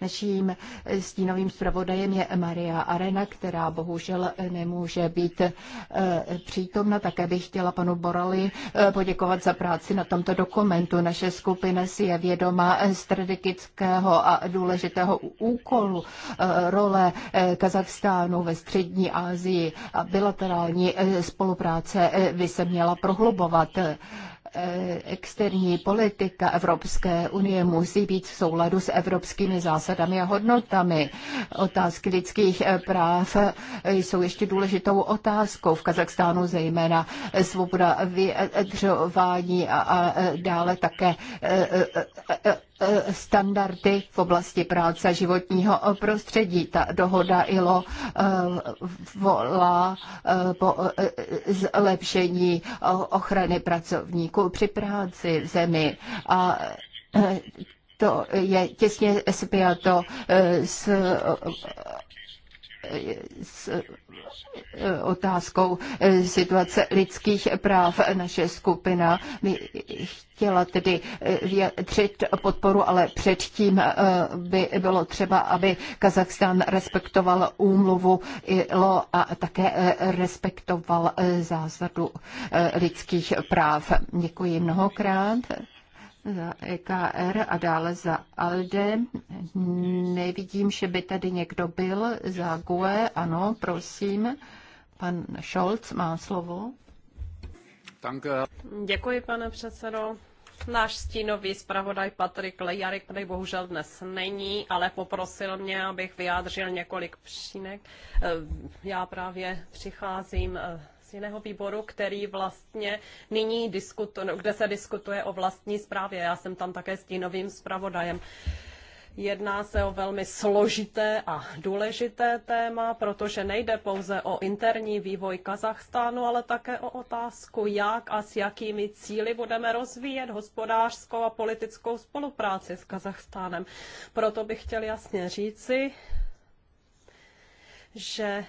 Naším stínovým zpravodajem je Maria Arena, která bohužel nemůže být eh, přítomna. Také bych chtěla panu Borali eh, poděkovat za práci na tomto dokumentu. Naše skupina si je vědoma strategického a důležitého úkolu eh, role Kazachstánu ve střední Asii a bilaterální spolupráce by se měla prohlubovat. Eh, externí politika Evropské unie musí být v souladu s evropskými zásadami a hodnotami. Otázky lidských eh, práv eh, jsou ještě důležitou otázkou v Kazachstánu, zejména svoboda vyjadřování a, a dále také Eh, standardy v oblasti práce a životního prostředí. Ta dohoda ILO eh, volá eh, po zlepšení ochrany pracovníků při práci v zemi a to je těsně spjato s s e, otázkou e, situace lidských práv. Naše skupina My chtěla tedy e, vyjadřit podporu, ale předtím by bylo třeba, aby Kazachstán respektoval úmluvu ILO a také respektoval zásadu lidských práv. Děkuji mnohokrát za EKR a dále za ALDE. Nevidím, že by tady někdo byl za GUE. Ano, prosím. Pan Scholz má slovo. Děkuji, pane předsedo. Náš stínový zpravodaj Patrik Lejarek tady bohužel dnes není, ale poprosil mě, abych vyjádřil několik přínek. Eh, já právě přicházím eh, jiného výboru, který vlastně nyní diskutuje, no, kde se diskutuje o vlastní zprávě. Já jsem tam také stínovým zpravodajem. Jedná se o velmi složité a důležité téma, protože nejde pouze o interní vývoj Kazachstánu, ale také o otázku, jak a s jakými cíly budeme rozvíjet hospodářskou a politickou spolupráci s Kazachstánem. Proto bych chtěl jasně říci, že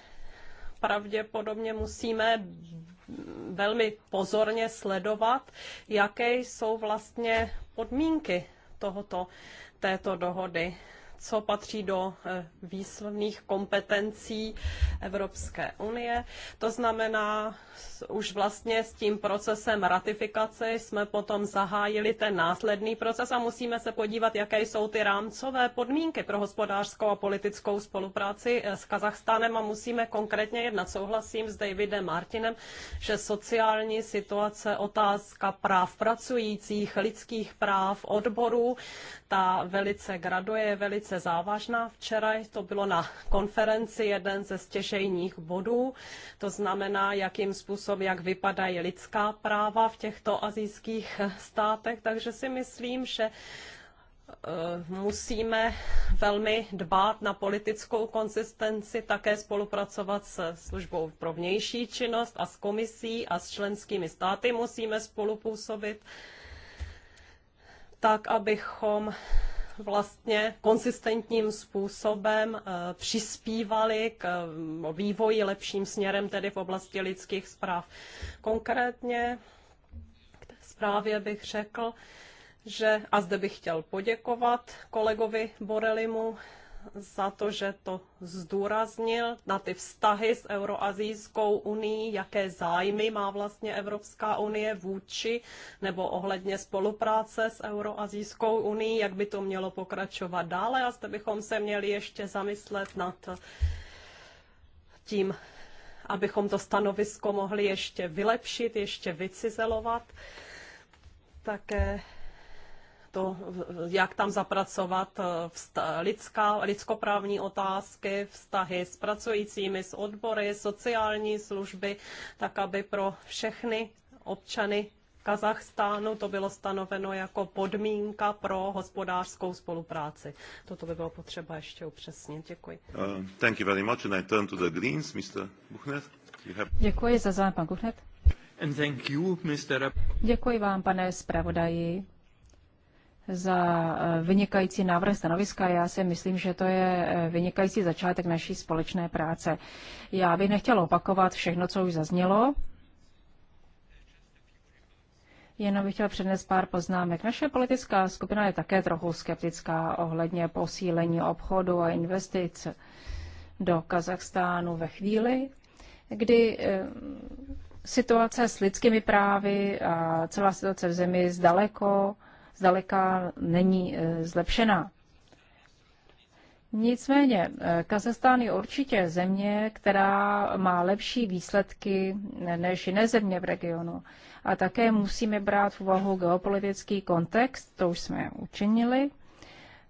pravděpodobně musíme velmi pozorně sledovat, jaké jsou vlastně podmínky tohoto, této dohody co patří do eh, výslovných kompetencí Evropské unie. To znamená, už vlastně s tím procesem ratifikace jsme potom zahájili ten následný proces a musíme se podívat, jaké jsou ty rámcové podmínky pro hospodářskou a politickou spolupráci eh, s Kazachstánem a musíme konkrétně jednat. Souhlasím s Davidem Martinem, že sociální situace, otázka práv pracujících, lidských práv, odborů, ta velice graduje, velice velice závažná. Včera to bylo na konferenci jeden ze stěžejních bodů, to znamená, jakým způsobem, jak vypadají lidská práva v těchto azijských státech, takže si myslím, že eh, musíme velmi dbát na politickou konsistenci, také spolupracovat se službou pro vnější činnost a s komisí a s členskými státy musíme spolupůsobit tak, abychom vlastně konsistentním způsobem eh, přispívali k eh, vývoji lepším směrem, tedy v oblasti lidských zpráv. Konkrétně k té zprávě bych řekl, že, a zde bych chtěl poděkovat kolegovi Borelimu za to, že to zdůraznil na ty vztahy s Euroazijskou unii, jaké zájmy má vlastně Evropská unie vůči nebo ohledně spolupráce s Euroazijskou unii, jak by to mělo pokračovat dále a zde bychom se měli ještě zamyslet nad tím, abychom to stanovisko mohli ještě vylepšit, ještě vycizelovat. Také to, jak tam zapracovat eh, lidská, lidskoprávní otázky, vztahy s pracujícími, s odbory, sociální služby, tak aby pro všechny občany Kazachstánu to bylo stanoveno jako podmínka pro hospodářskou spolupráci. Toto by bylo potřeba ještě upřesnit. Děkuji. Uh, thank you very much and I turn to the Greens, Mr. Buchner. Have... Děkuji za zájem, pan Kuchnet. And thank you, Mr. Děkuji vám, pane zpravodaji, za eh, vynikající návrh stanoviska. Já si myslím, že to je eh, vynikající začátek naší společné práce. Já bych nechtěla opakovat všechno, co už zaznělo. Jenom bych chtěla přednes pár poznámek. Naše politická skupina je také trochu skeptická ohledně posílení obchodu a investic do Kazachstánu ve chvíli, kdy eh, situace s lidskými právy a celá situace v zemi zdaleko daleko zdaleka není e, zlepšená. Nicméně e, Kazachstán je určitě země, která má lepší výsledky než jiné země v regionu. A také musíme brát v úvahu geopolitický kontext, to už jsme učinili,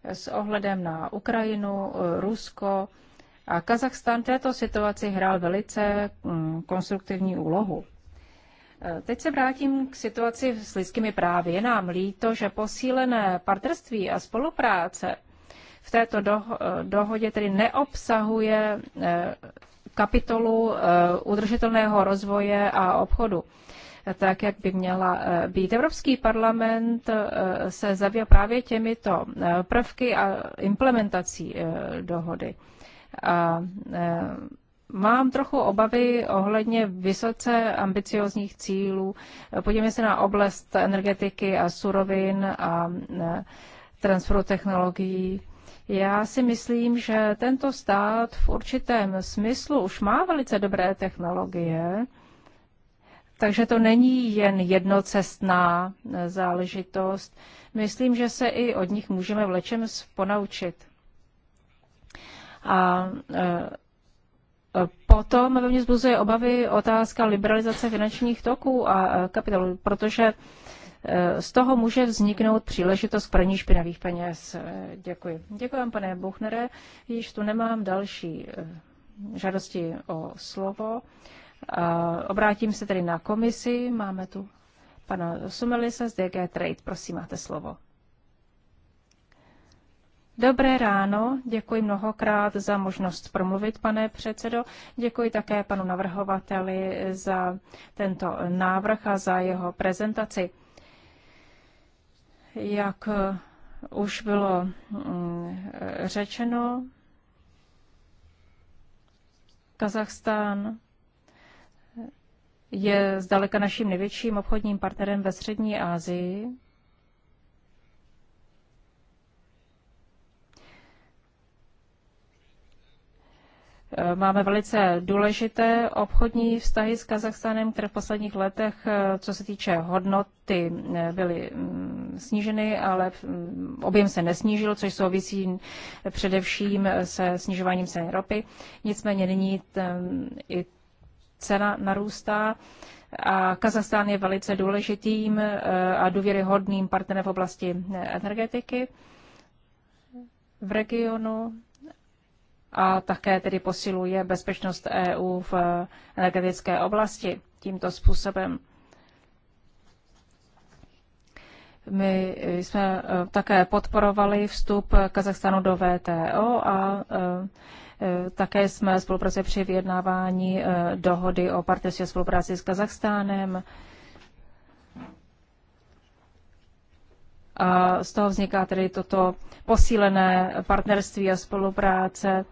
s ohledem na Ukrajinu, e, Rusko. A Kazachstán této situaci hrál velice mm, konstruktivní úlohu. Eh, teď se vrátím k situaci s lidskými právy. Je nám líto, že posílené partnerství a spolupráce v této eh, dohodě tedy neobsahuje eh, kapitolu udržitelného rozvoje a obchodu tak, jak by měla být. Evropský parlament se zabývá právě těmito prvky a implementací dohody. A Mám trochu obavy ohledně vysoce ambiciozních cílů. Podívejme se na oblast energetiky a surovin a e, transferu technologií. Já si myslím, že tento stát v určitém smyslu už má velice dobré technologie, takže to není jen jednocestná e, záležitost. Myslím, že se i od nich můžeme v lečem ponaučit. A e, Potom ve mně zbuzuje obavy otázka liberalizace finančních toků a e, kapitálu, protože e, z toho může vzniknout příležitost k praní špinavých peněz. E, děkuji. Děkuji vám, pane Buchnere. Již tu nemám další žádosti o slovo. Obrátím se tedy na komisi. Máme tu pana Sumelisa z DG Trade. Prosím, máte slovo. Dobré ráno, děkuji mnohokrát za možnost promluvit, pane předsedo. Děkuji také panu navrhovateli za tento návrh a za jeho prezentaci. Jak už bylo mm, řečeno, Kazachstán je zdaleka naším největším obchodním partnerem ve Střední Asii. Máme velice důležité obchodní vztahy s Kazachstánem, které v posledních letech, eh, co se týče hodnoty, eh, byly mm, sníženy, ale mm, objem se nesnížil, což souvisí eh, především se snižováním ceny ropy. Nicméně nyní ehm, i cena narůstá. A Kazachstán je velice důležitým a důvěryhodným partnerem v oblasti energetiky v regionu a také tedy posiluje bezpečnost EU v energetické oblasti tímto způsobem. My jsme eh, také podporovali vstup Kazachstanu do VTO a eh, eh, také jsme spolupracovali při vyjednávání dohody o partnerství a spolupráci s Kazachstánem. A z toho vzniká tedy toto posílené partnerství a spolupráce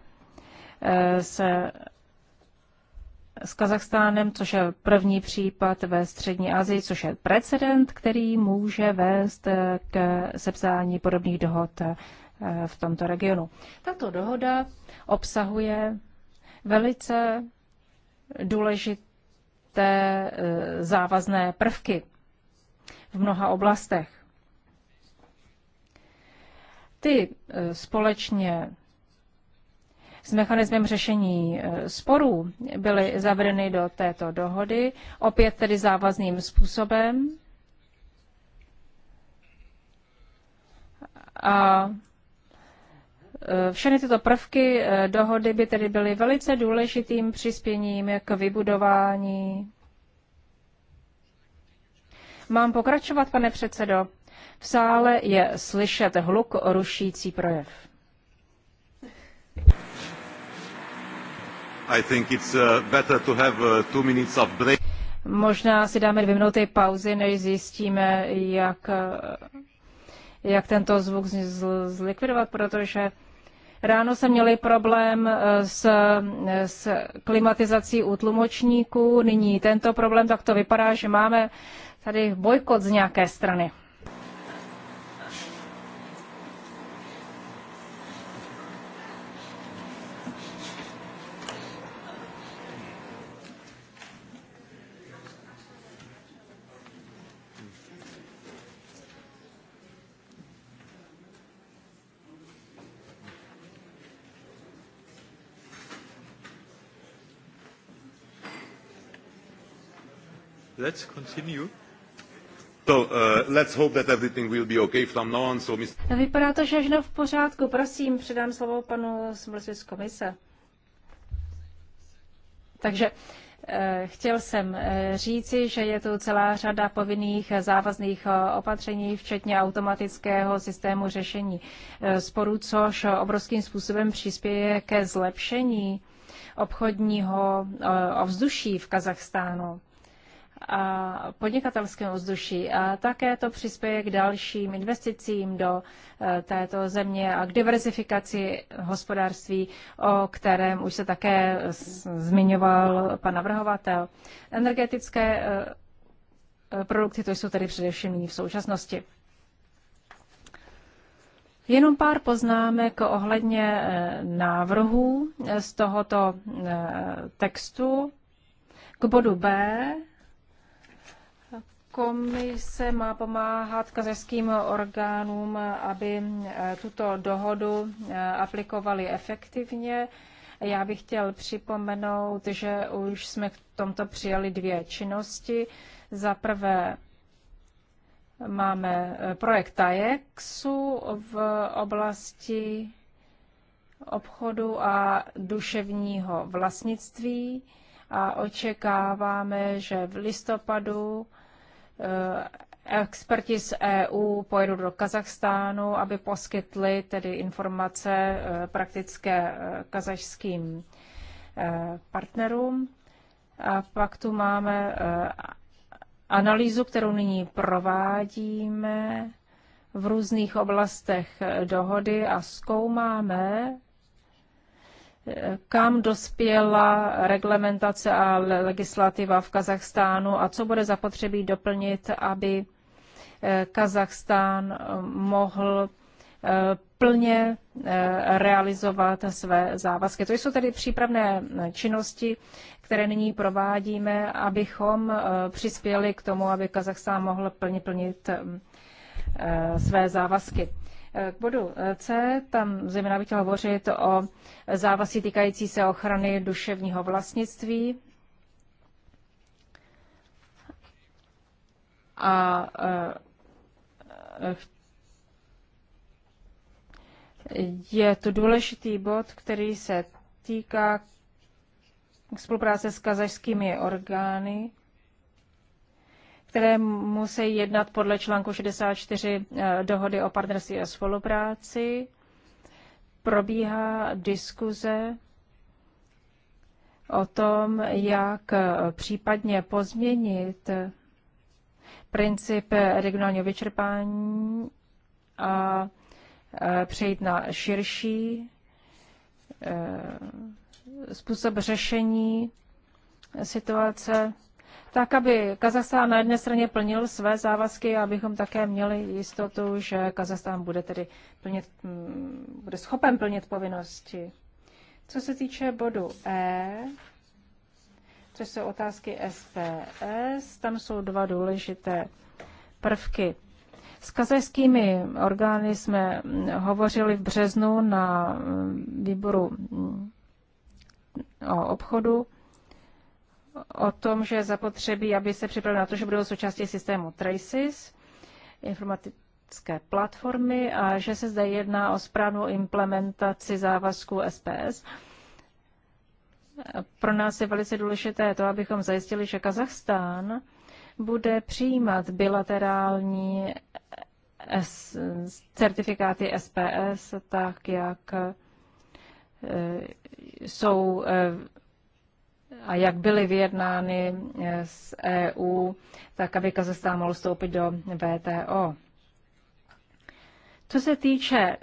Eh, se s Kazachstánem, což je první případ ve Střední Asii, což je precedent, který může vést eh, k sepsání podobných dohod eh, v tomto regionu. Tato dohoda obsahuje velice důležité závazné prvky v mnoha oblastech. Ty společně s mechanismem řešení e, sporů byly zavedeny do této dohody, opět tedy závazným způsobem. A e, všechny tyto prvky e, dohody by tedy byly velice důležitým přispěním k vybudování. Mám pokračovat, pane předsedo. V sále je slyšet hluk rušící projev. I think it's uh, better to have uh, two minutes of break. Možná si dáme dvě minuty pauzy, než zjistíme, jak, uh, jak tento zvuk zlikvidovat, protože Ráno jsme měli problém s, s klimatizací u tlumočníků, nyní tento problém, tak to vypadá, že máme tady bojkot z nějaké strany. let's continue. So, uh, let's hope that everything will be okay from now on. So, Mr. Vypadá to, že je v pořádku. Prosím, předám slovo panu Smrzi z komise. Takže eh, Chtěl jsem eh, říci, že je tu celá řada povinných eh, závazných opatření, včetně automatického systému řešení sporů, což obrovským způsobem přispěje ke zlepšení obchodního ovzduší v Kazachstánu a podnikatelském ozduší. a také to přispěje k dalším investicím do e, této země a k diverzifikaci hospodářství, o kterém už se také zmiňoval pan navrhovatel. Energetické e, e, produkty to jsou tedy především v současnosti. Jenom pár poznámek ohledně návrhů z tohoto textu. K bodu B Komise má pomáhat kazařským orgánům, aby eh, tuto dohodu eh, aplikovali efektivně. Já bych chtěl připomenout, že už jsme v tomto přijali dvě činnosti. Za prvé máme eh, projekt TAEXu v oblasti obchodu a duševního vlastnictví a očekáváme, že v listopadu Eh, experti z EU pojedou do Kazachstánu, aby poskytli tedy informace eh, praktické eh, kazašským partnerům. A pak tu máme analýzu, kterou nyní provádíme v různých oblastech dohody a zkoumáme, kam dospěla reglementace a legislativa v Kazachstánu a co bude zapotřebí doplnit, aby eh, Kazachstán eh, mohl eh, plně realizovat své závazky. To jsou tedy přípravné činnosti, které nyní provádíme, abychom přispěli k tomu, aby Kazachstán mohl plně plnit své závazky. K bodu C, tam zejména bych chtěla hovořit o závazí týkající se ochrany duševního vlastnictví. A eh, je to důležitý bod, který se týká spolupráce s kazašskými orgány které musí jednat podle článku 64 eh, dohody o partnerství a spolupráci. Probíhá diskuze o tom, jak eh, případně pozměnit eh, princip regionálního vyčerpání a přejít na širší způsob řešení situace tak aby Kazachstán na jedné straně plnil své závazky a abychom také měli jistotu, že Kazachstán bude tedy plnit, mm, bude schopen plnit povinnosti. Co se týče bodu E, což jsou otázky SPS, tam jsou dva důležité prvky. S kazajskými orgány jsme mm, hovořili v březnu na mm, výboru o obchodu o tom, že zapotřebí, aby se připravili na to, že budou součástí systému Traces, informatické platformy a že se zde jedná o správnou implementaci závazků SPS. Pro nás je velice důležité to, abychom zajistili, že Kazachstán bude přijímat bilaterální S, certifikáty SPS, tak jak e, jsou e, a jak byly vyjednány eh, s EU, tak aby Kazachstán mohl vstoupit do VTO. Co se týče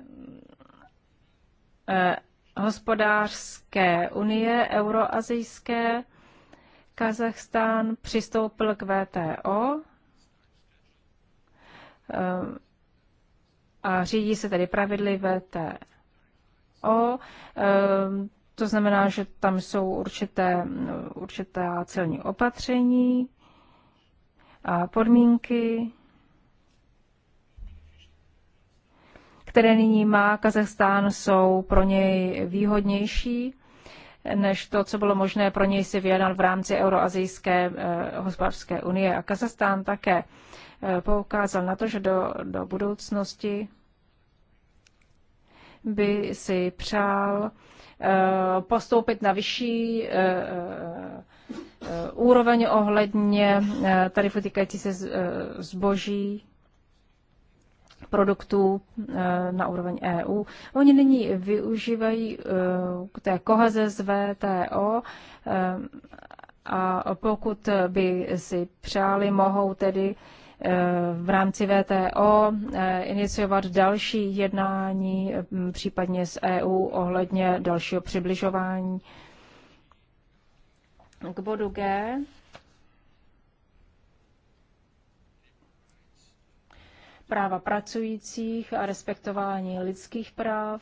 eh, hospodářské unie euroazijské, Kazachstán přistoupil k VTO eh, a řídí se tedy pravidly VTO. To znamená, že tam jsou určité, určité celní opatření a podmínky, které nyní má Kazachstán, jsou pro něj výhodnější než to, co bylo možné pro něj si vyjednat v rámci Euroazijské eh, hospodářské unie. A Kazachstán také eh, poukázal na to, že do, do budoucnosti by si přál eh, Eh, postoupit na vyšší eh, eh, úroveň ohledně tarifu týkající se zboží produktů na úroveň EU. Oni nyní využívají té koheze z VTO a pokud by si přáli, mohou tedy Eh, v rámci VTO eh, iniciovat další jednání, mm, případně s EU ohledně dalšího přibližování. K bodu G. Práva pracujících a respektování lidských práv.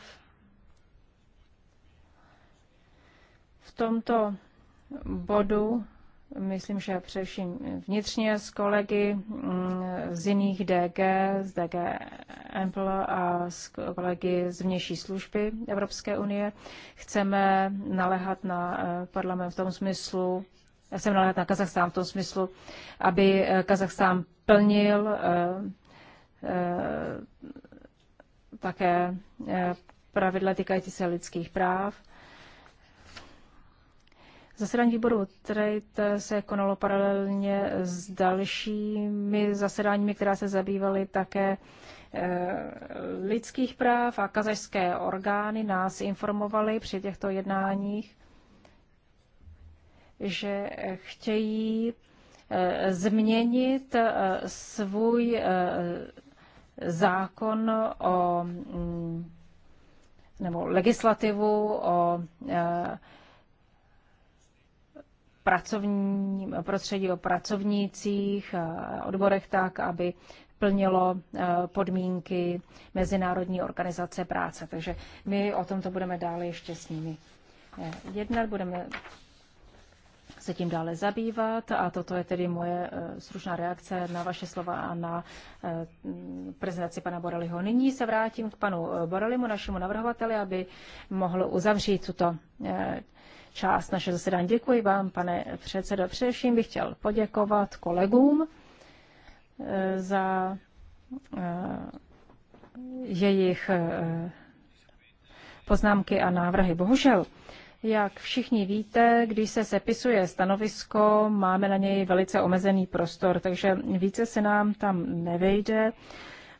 V tomto bodu myslím, že především vnitřně s kolegy mm, z jiných DG, z DG Ample a s kolegy z vnější služby Evropské unie. Chceme nalehat na eh, parlament v tom smyslu, jsem eh, nalehat na Kazachstán v tom smyslu, aby eh, Kazachstán plnil také pravidla týkající se lidských práv Zasedání výboru Trade se konalo paralelně s dalšími zasedáními, která se zabývaly také eh, lidských práv a kazašské orgány nás informovaly při těchto jednáních, že chtějí eh, změnit eh, svůj zákon o, mm, nebo legislativu o pracovním prostředí, o pracovnících a odborech tak, aby plnilo eh, podmínky Mezinárodní organizace práce. Takže my o tomto budeme dále ještě s nimi eh, jednat, budeme se tím dále zabývat a toto je tedy moje eh, stručná reakce na vaše slova a na prezentaci pana Boreliho. Nyní se vrátím k panu Borelimu, našemu navrhovateli, aby mohl uzavřít tuto část naše zasedání. Děkuji vám, pane předsedo. Především bych chtěl poděkovat kolegům eh, za eh, jejich eh, poznámky a návrhy. Bohužel, jak všichni víte, když se sepisuje stanovisko, máme na něj velice omezený prostor, takže více se nám tam nevejde.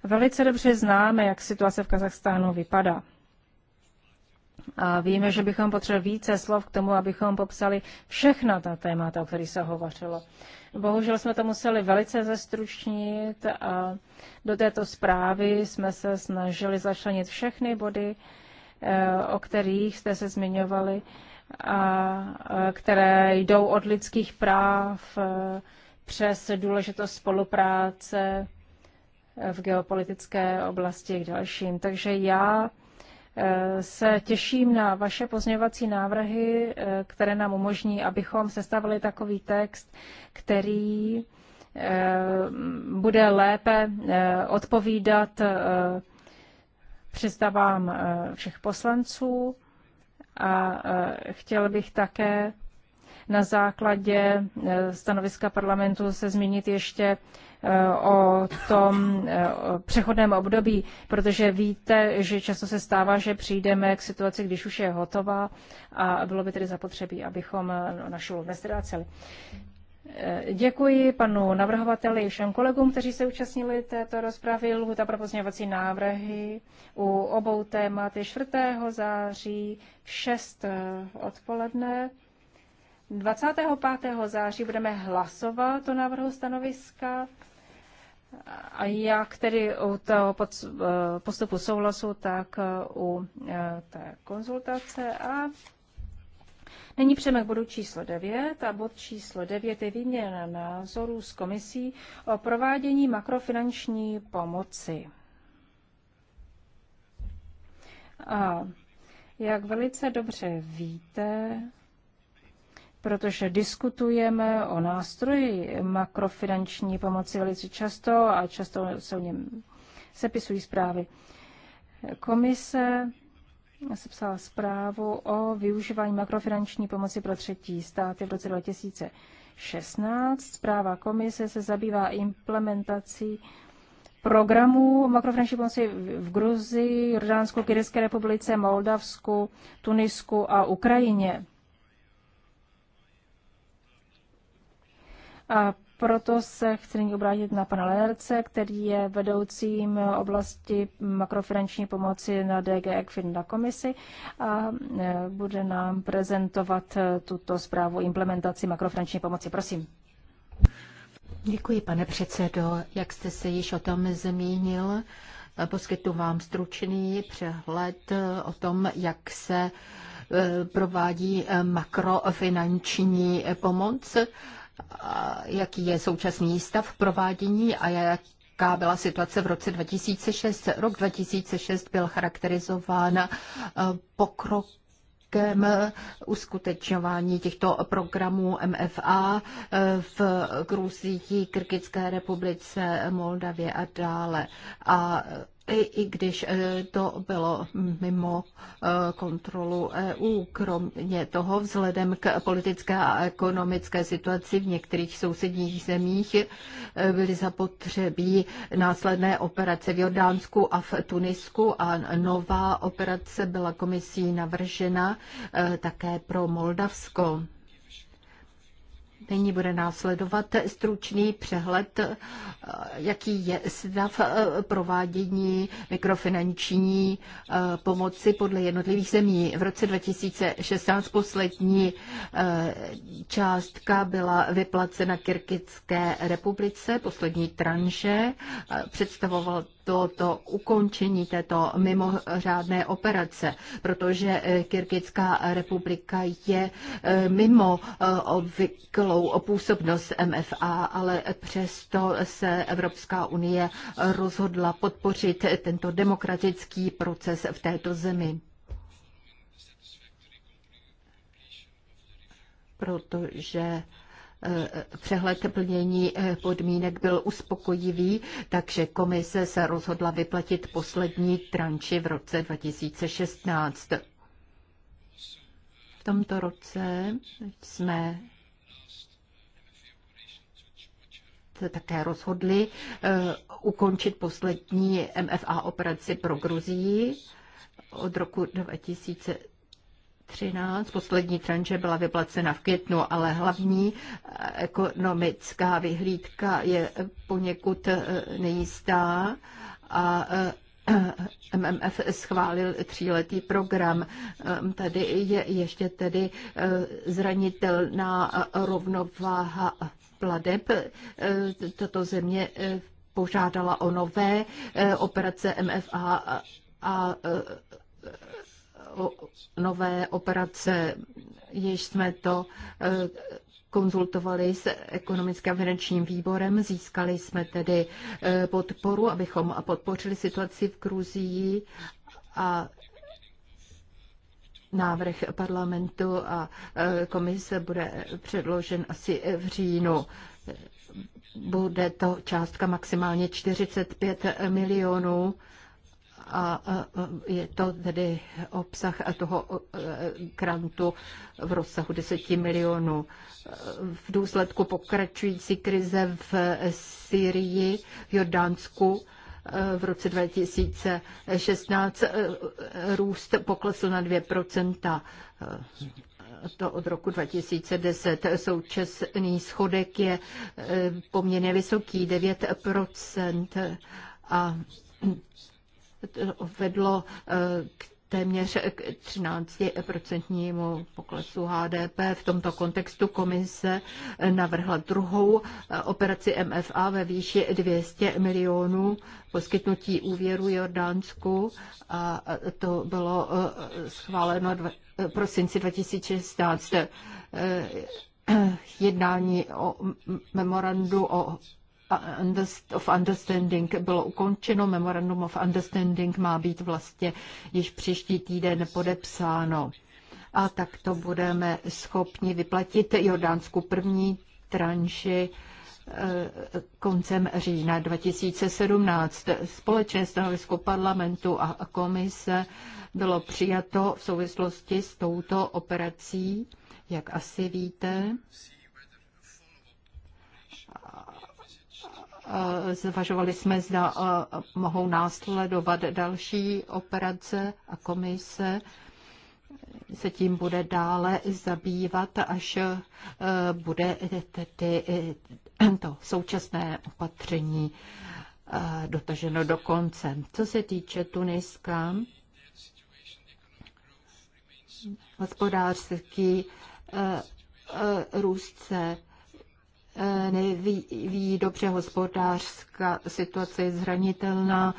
Velice dobře známe, jak situace v Kazachstánu vypadá. A víme, že bychom potřebovali více slov k tomu, abychom popsali všechna ta témata, o kterých se hovořilo. Bohužel jsme to museli velice zestručnit a do této zprávy jsme se snažili začlenit všechny body, eh, o kterých jste se zmiňovali, a eh, které jdou od lidských práv eh, přes důležitost spolupráce v geopolitické oblasti k dalším. Takže já Eh, se těším na vaše pozměňovací návrhy, eh, které nám umožní, abychom sestavili takový text, který eh, bude lépe odpovídat představám všech poslanců. A chtěl bych také na základě eh, stanoviska parlamentu se zmínit ještě eh, o tom eh, přechodném období, protože víte, že často se stává, že přijdeme k situaci, když už je hotová a bylo by tedy zapotřebí, abychom naši lov nestráceli. Děkuji panu navrhovateli i všem kolegům, kteří se účastnili této rozpravy. Lhuta pro pozměňovací návrhy u obou témat je 4. září 6 odpoledne. 25. září budeme hlasovat o návrhu stanoviska a jak tedy u toho eh, postupu souhlasu, tak eh, u eh, té konzultace a Nyní přejeme k bodu číslo 9 a bod číslo 9 je výměna názorů s komisí o provádění makrofinanční pomoci. A jak velice dobře víte, protože diskutujeme o nástroji makrofinanční pomoci velice často a často se o něm sepisují zprávy. Komise sepsala zprávu o využívání makrofinanční pomoci pro třetí státy v roce 2016. Zpráva komise se zabývá implementací programů makrofinanční pomoci v Gruzii, Jordánsku, Kyrské republice, Moldavsku, Tunisku a Ukrajině. A proto se chci nyní obrátit na pana Lerce, který je vedoucím oblasti makrofinanční pomoci na DG ECFIN na komisi a e, bude nám prezentovat e, tuto zprávu implementaci makrofinanční pomoci. Prosím. Děkuji, pane předsedo. Jak jste se již o tom zmínil, poskytnu vám stručný přehled o tom, jak se e, provádí makrofinanční pomoc jaký je současný stav provádění a jak jaká byla situace v roce 2006. Rok 2006 byl charakterizován eh, pokrok uskutečňování těchto programů MFA eh, v Gruzii, Kyrgyzské republice, Moldavě a dále. A eh, i když e, to bylo mimo e, kontrolu EU. Kromě toho, vzhledem k politické a ekonomické situaci v některých sousedních zemích e, byly zapotřebí následné operace v Jordánsku a v Tunisku a nová operace byla komisí navržena také pro Moldavsko. Nyní bude následovat stručný přehled, eh, jaký je stav eh, provádění mikrofinanční eh, pomoci podle jednotlivých zemí. V roce 2016 poslední částka byla vyplacena Kyrgyzské republice, poslední tranže. Představoval tohoto ukončení této mimořádné operace, protože eh, Kyrgyzská republika je eh, mimo eh, obvyklou působnost MFA, ale přesto se Evropská unie rozhodla podpořit tento demokratický proces v této zemi. Protože Eh, přehled plnění eh, podmínek byl uspokojivý, takže komise se rozhodla vyplatit poslední tranči v roce 2016. V tomto roce jsme se také rozhodli eh, ukončit poslední MFA operaci pro Gruzii od roku 2000. 13. Poslední tranže byla vyplacena v květnu, ale hlavní eh, ekonomická vyhlídka je poněkud eh, nejistá a eh, MMF schválil tříletý program. Ehm, tady je ještě tedy zranitelná rovnováha pladeb. toto země požádala o nové operace MFA a nové operace. Již jsme to e, konzultovali s ekonomickým a finančním výborem, získali jsme tedy e, podporu, abychom podpořili situaci v Gruzii a návrh parlamentu a e, komise bude předložen asi v říjnu. Bude to částka maximálně 45 milionů a je to tedy obsah toho e, grantu v rozsahu 10 milionů. V důsledku pokračující krize v Syrii, v Jordánsku, e, v roce 2016 e, růst poklesl na 2 to od roku 2010. Současný schodek je poměrně vysoký, 9 a vedlo eh, k téměř k 13% poklesu HDP. V tomto kontextu komise navrhla druhou eh, operaci MFA ve výši 200 milionů poskytnutí úvěru Jordánsku a eh, to bylo schváleno v prosinci 2016 jednání o memorandu o of Understanding bylo ukončeno, Memorandum of Understanding má být vlastně již příští týden podepsáno. A tak to budeme schopni vyplatit Jordánsku první tranši eh, koncem října 2017. Společné stanovisko parlamentu a komise bylo přijato v souvislosti s touto operací, jak asi víte. zvažovali jsme, zda e, mohou následovat další operace a komise se tím bude dále zabývat, až e, bude tedy e, to současné opatření dotaženo do konce. Co se týče Tuniska, hospodářský růst se nevyvíjí dobře hospodářská situace, je zranitelná,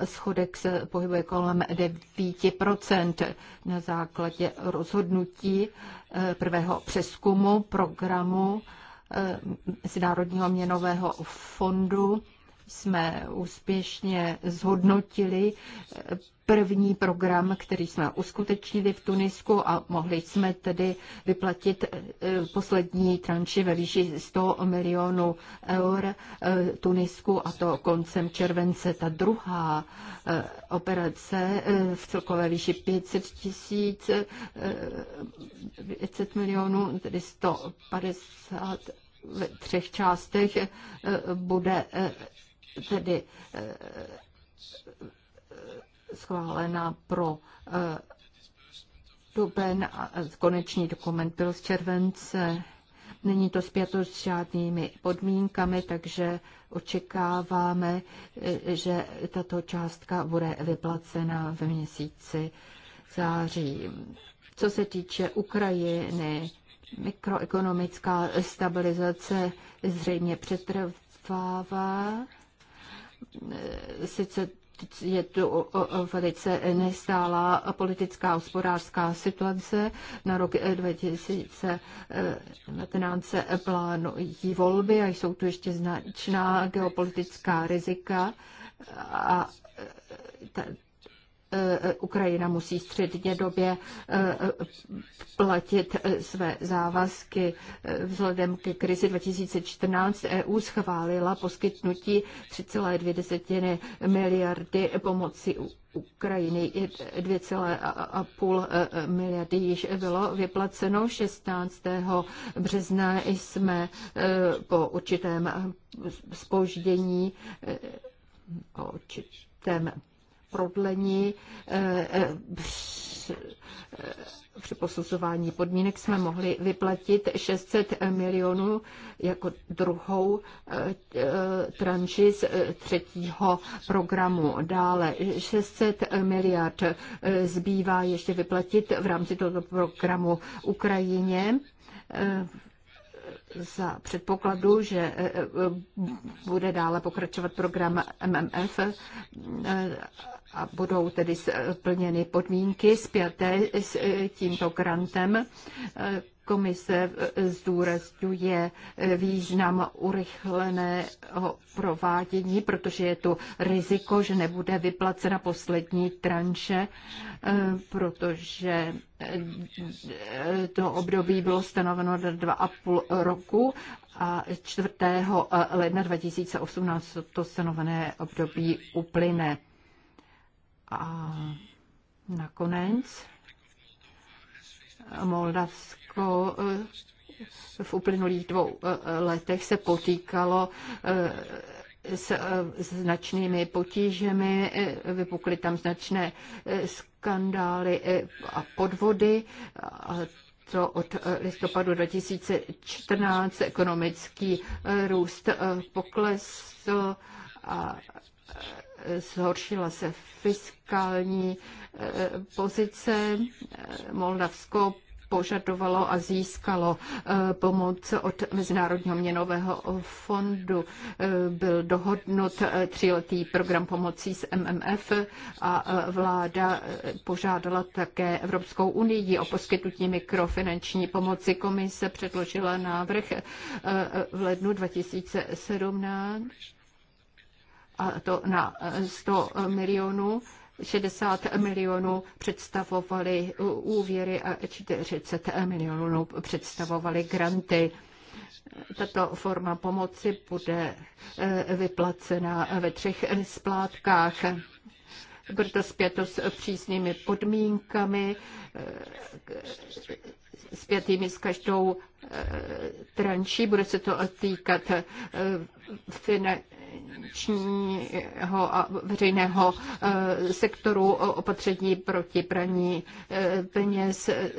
eh, schodek se pohybuje kolem 9% na základě rozhodnutí eh, prvého přeskumu programu eh, Mezinárodního měnového fondu jsme úspěšně zhodnotili první program, který jsme uskutečnili v Tunisku a mohli jsme tedy vyplatit eh, poslední tranši ve výši 100 milionů eur eh, Tunisku a to koncem července. Ta druhá eh, operace v celkové výši 500 tisíc, 500 milionů, tedy 150 ve třech částech bude tedy eh, eh, schválena pro eh, duben a konečný dokument byl z července. Není to zpěto s žádnými podmínkami, takže očekáváme, že tato částka bude vyplacena v měsíci září. Co se týče Ukrajiny, mikroekonomická stabilizace zřejmě přetrvává Eh, sice je tu velice nestálá politická hospodářská situace. Na rok 2019 eh, se eh, plánují volby a jsou tu ještě značná geopolitická rizika. A Eh, eh, Ukrajina musí středně době eh, platit své závazky. Vzhledem ke krizi 2014 EU schválila poskytnutí 3,2 miliardy pomoci Ukrajiny 2,5 miliardy již bylo vyplaceno. 16. března jsme po určitém spoždění, po určitém prodlení eh, eh, eh, při posuzování podmínek jsme mohli vyplatit 600 milionů jako druhou tranši z třetího programu. Dále 600 miliard zbývá ještě vyplatit v rámci tohoto programu Ukrajině za předpokladu, že e, e, bude dále pokračovat program MMF e, a budou tedy splněny podmínky zpěté s tímto grantem, Komise eh, zdůrazňuje eh, význam urychleného provádění, protože je tu riziko, že nebude vyplacena poslední tranše, eh, protože to období bylo stanoveno na dva a půl roku a 4. ledna 2018 to stanovené období uplyne. A nakonec Moldavsko eh, v uplynulých dvou eh, letech se potýkalo eh, s značnými potížemi, vypukly tam značné skandály a podvody. A to od listopadu 2014 ekonomický růst poklesl a zhoršila se fiskální e, pozice. Moldavsko požadovalo a získalo e, pomoc od Mezinárodního měnového fondu. E, byl dohodnut tříletý program pomocí z MMF a vláda požádala také Evropskou unii o poskytnutí mikrofinanční pomoci. Komise předložila návrh v lednu 2017 a to na 100 eh, milionů. 60 milionů představovaly eh, úvěry a 40 milionů představovaly granty. Tato forma pomoci bude eh, vyplacena ve třech splátkách. Bude to zpěto s přísnými podmínkami, zpětými s každou tranší. Bude se to týkat finančního a veřejného eh, sektoru, opatření proti praní eh, peněz. Eh,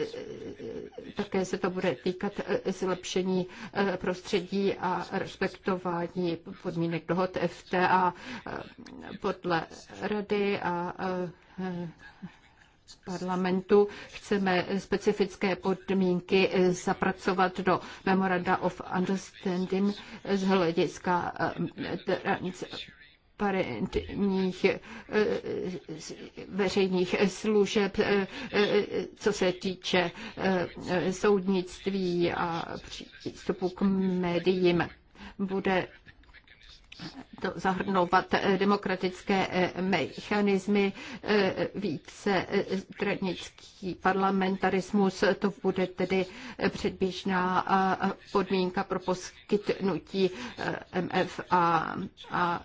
také se to bude týkat zlepšení prostředí a respektování podmínek dohod FTA podle rady a parlamentu chceme specifické podmínky zapracovat do Memoranda of Understanding z hlediska eh, parentních eh, veřejných služeb, eh, co se týče soudnictví a přístupu k médiím. Bude zahrnovat eh, demokratické eh, mechanismy, eh, více stranický parlamentarismus, to bude tedy předběžná podmínka pro poskytnutí MF a, a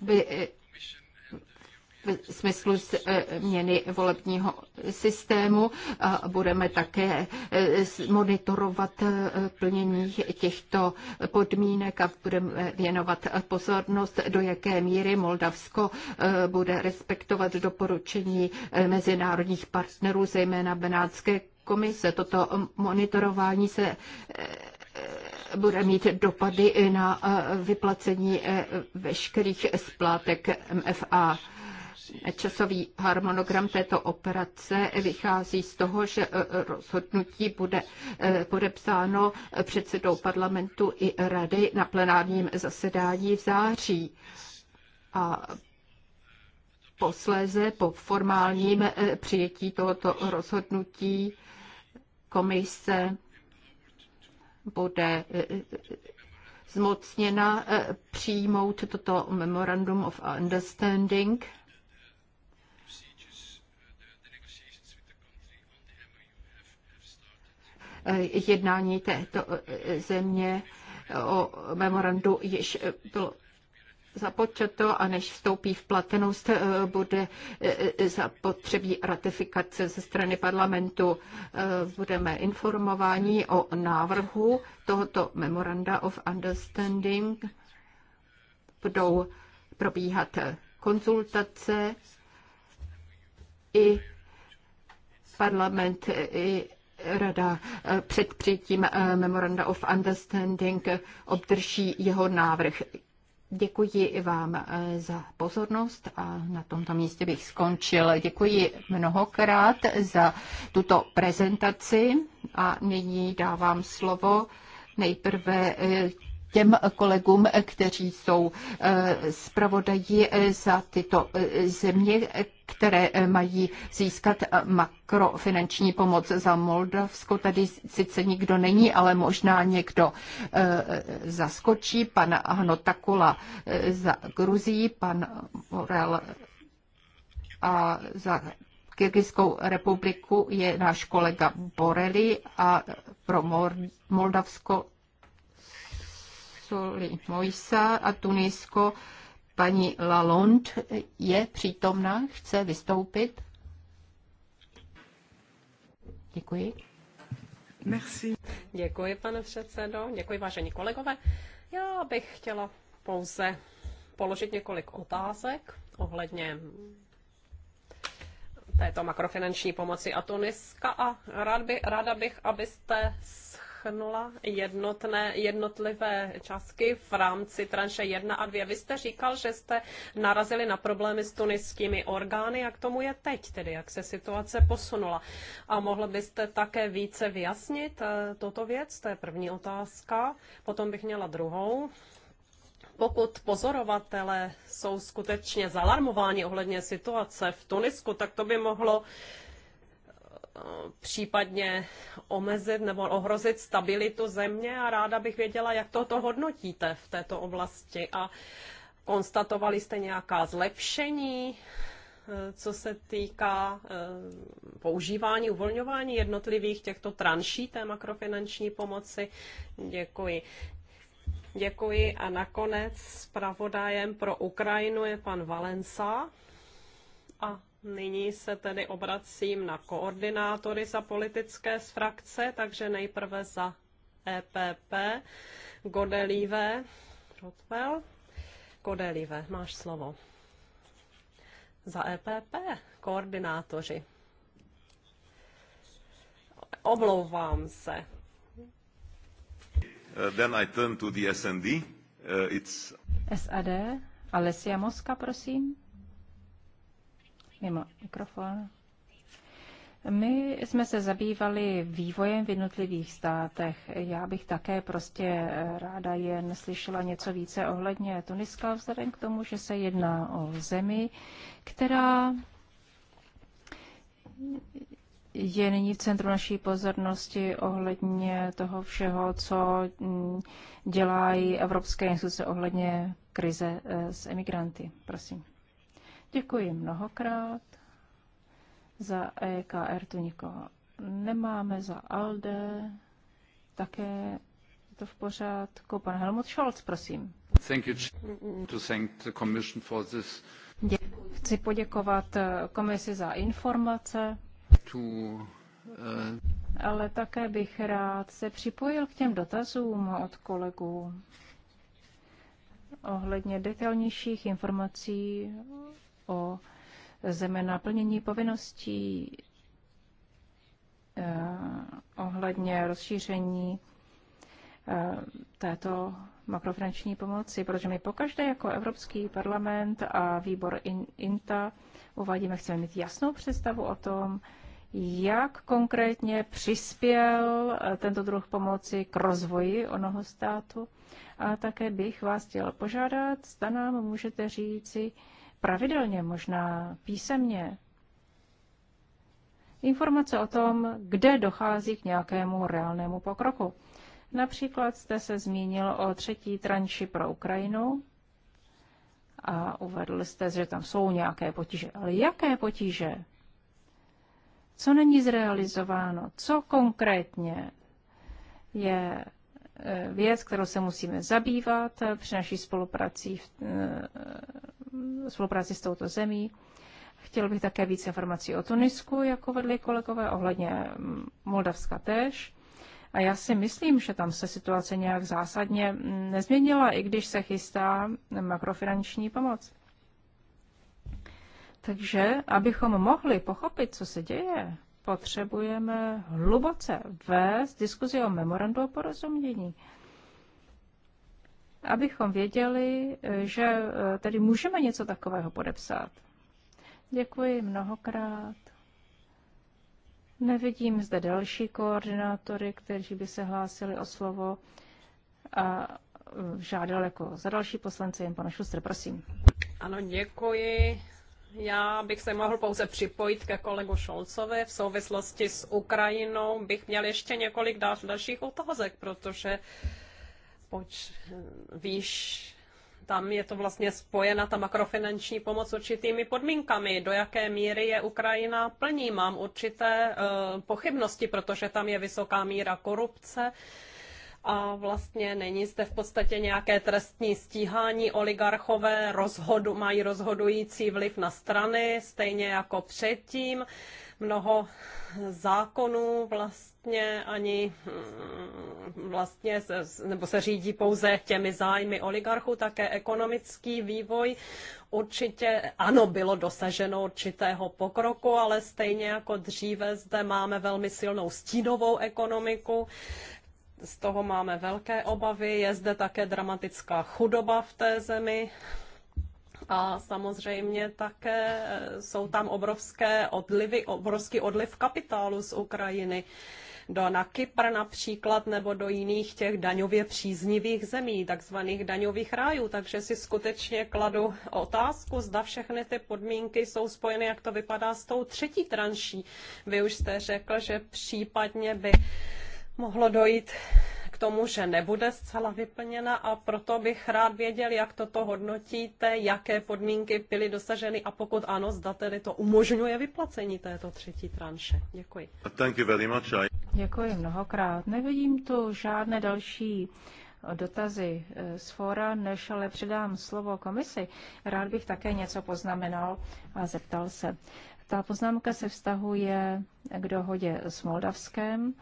by v smyslu změny e, volebního systému a budeme také e, monitorovat e, plnění těchto podmínek a budeme věnovat pozornost, do jaké míry Moldavsko bude respektovat doporučení mezinárodních partnerů, zejména Benátské komise. Toto monitorování se bude mít dopady na vyplacení veškerých splátek MFA. Časový harmonogram této operace vychází z toho, že eh, rozhodnutí bude eh, podepsáno předsedou parlamentu i rady na plenárním zasedání v září. A posléze po formálním eh, přijetí tohoto rozhodnutí komise bude zmocněna přijmout toto Memorandum of Understanding – Eh, jednání této eh, země o memorandu již eh, bylo započato a než vstoupí v platnost, bude zapotřebí ratifikace ze strany parlamentu. Budeme informováni o návrhu tohoto memoranda of understanding. Budou probíhat konzultace i parlament, i rada eh, před přijetím eh, Memoranda of Understanding obdrží jeho návrh. Děkuji vám eh, za pozornost a na tomto místě bych skončil. Děkuji mnohokrát za tuto prezentaci a nyní dávám slovo nejprve těm kolegům, kteří jsou eh, zpravodají eh, za tyto eh, země, které mají získat makrofinanční pomoc za Moldavsko. Tady sice nikdo není, ale možná někdo zaskočí. Pan Hnotakula za Gruzii, pan Morel a za Kyrgyzskou republiku je náš kolega Boreli a pro Moldavsko Soli Moisa a Tunisko paní Lalonde je přítomná, chce vystoupit. Děkuji. Merci. Děkuji, pane předsedo. Děkuji, vážení kolegové. Já bych chtěla pouze položit několik otázek ohledně této makrofinanční pomoci a Tuniska a rád by, ráda bych, abyste schrnula jednotné, jednotlivé částky v rámci tranše 1 a 2. Vy jste říkal, že jste narazili na problémy s tuniskými orgány. Jak tomu je teď tedy? Jak se situace posunula? A mohl byste také více vyjasnit eh, toto věc? To je první otázka. Potom bych měla druhou pokud pozorovatele jsou skutečně zalarmováni ohledně situace v Tunisku, tak to by mohlo případně omezit nebo ohrozit stabilitu země a ráda bych věděla, jak toto hodnotíte v této oblasti a konstatovali jste nějaká zlepšení, eh, co se týká eh, používání, uvolňování jednotlivých těchto tranší té makrofinanční pomoci. Děkuji. Děkuji a nakonec zpravodajem pro Ukrajinu je pan Valensa a Nyní se tedy obracím na koordinátory za politické z frakce, takže nejprve za EPP. Godelive, Rotwell. Godelive, máš slovo. Za EPP, koordinátoři. Omlouvám se. Uh, then I turn to the SND. Uh, it's... SAD, Alessia Moska, prosím mimo mikrofon. My jsme se zabývali vývojem v jednotlivých státech. Já bych také prostě ráda jen slyšela něco více ohledně Tuniska, vzhledem k tomu, že se jedná o zemi, která je nyní v centru naší pozornosti ohledně toho všeho, co mm, dělají evropské instituce ohledně krize eh, s emigranty. Prosím. Děkuji mnohokrát. Za EKR tu nikoho nemáme, za ALDE také je to v pořádku. Pan Helmut Scholz, prosím. Thank you to thank the commission for this. Chci poděkovat eh, komisi za informace. To, uh... Ale také bych rád se připojil k těm dotazům od kolegů ohledně detailnějších informací o zejména naplnění povinností eh, ohledně rozšíření eh, této makrofinanční pomoci, protože my pokaždé jako Evropský parlament a výbor INTA uvádíme, chceme mít jasnou představu o tom, jak konkrétně přispěl eh, tento druh pomoci k rozvoji onoho státu. A také bych vás chtěl požádat, zda nám můžete říci, pravidelně, možná písemně, informace o tom, kde dochází k nějakému reálnému pokroku. Například jste se zmínil o třetí tranši pro Ukrajinu a uvedl jste, že tam jsou nějaké potíže. Ale jaké potíže? Co není zrealizováno? Co konkrétně je eh, věc, kterou se musíme zabývat při naší spolupráci? Eh, spolupráci s touto zemí. Chtěl bych také více informací o Tunisku, jako vedli kolegové, ohledně mm, Moldavska též. A já si myslím, že tam se situace nějak zásadně mm, nezměnila, i když se chystá makrofinanční pomoc. Takže, abychom mohli pochopit, co se děje, potřebujeme hluboce vést diskuzi o memorandu o porozumění abychom věděli, eh, že eh, tedy můžeme něco takového podepsat. Děkuji mnohokrát. Nevidím zde další koordinátory, kteří by se hlásili o slovo a eh, žádal jako za další poslance jen pana Šustr, prosím. Ano, děkuji. Já bych se mohl pouze připojit ke kolegu Šolcovi. V souvislosti s Ukrajinou bych měl ještě několik dalších otázek, protože uh, poč, víš, tam je to vlastně spojena ta makrofinanční pomoc určitými podmínkami, do jaké míry je Ukrajina plní. Mám určité uh, pochybnosti, protože tam je vysoká míra korupce a vlastně není zde v podstatě nějaké trestní stíhání. Oligarchové rozhodu, mají rozhodující vliv na strany, stejně jako předtím. Mnoho zákonů vlastně vlastně ani mm, vlastně se, nebo se řídí pouze těmi zájmy oligarchů, také ekonomický vývoj. Určitě ano, bylo dosaženo určitého pokroku, ale stejně jako dříve zde máme velmi silnou stínovou ekonomiku, z toho máme velké obavy. Je zde také dramatická chudoba v té zemi. A samozřejmě také e, jsou tam obrovské odlivy, obrovský odliv kapitálu z Ukrajiny do, na Kypr například nebo do jiných těch daňově příznivých zemí, takzvaných daňových rájů. Takže si skutečně kladu otázku, zda všechny ty podmínky jsou spojeny, jak to vypadá s tou třetí tranší. Vy už jste řekl, že případně by mohlo dojít tomu, že nebude zcela vyplněna a proto bych rád věděl, jak toto hodnotíte, jaké podmínky byly dosaženy a pokud ano, zda tedy to umožňuje vyplacení této třetí tranše. Děkuji. Thank you very much. I... Děkuji mnohokrát. Nevidím tu žádné další eh, dotazy eh, z fora, než ale předám slovo komisi. Rád bych také něco poznamenal a zeptal se. Ta poznámka se vztahuje k dohodě s Moldavskem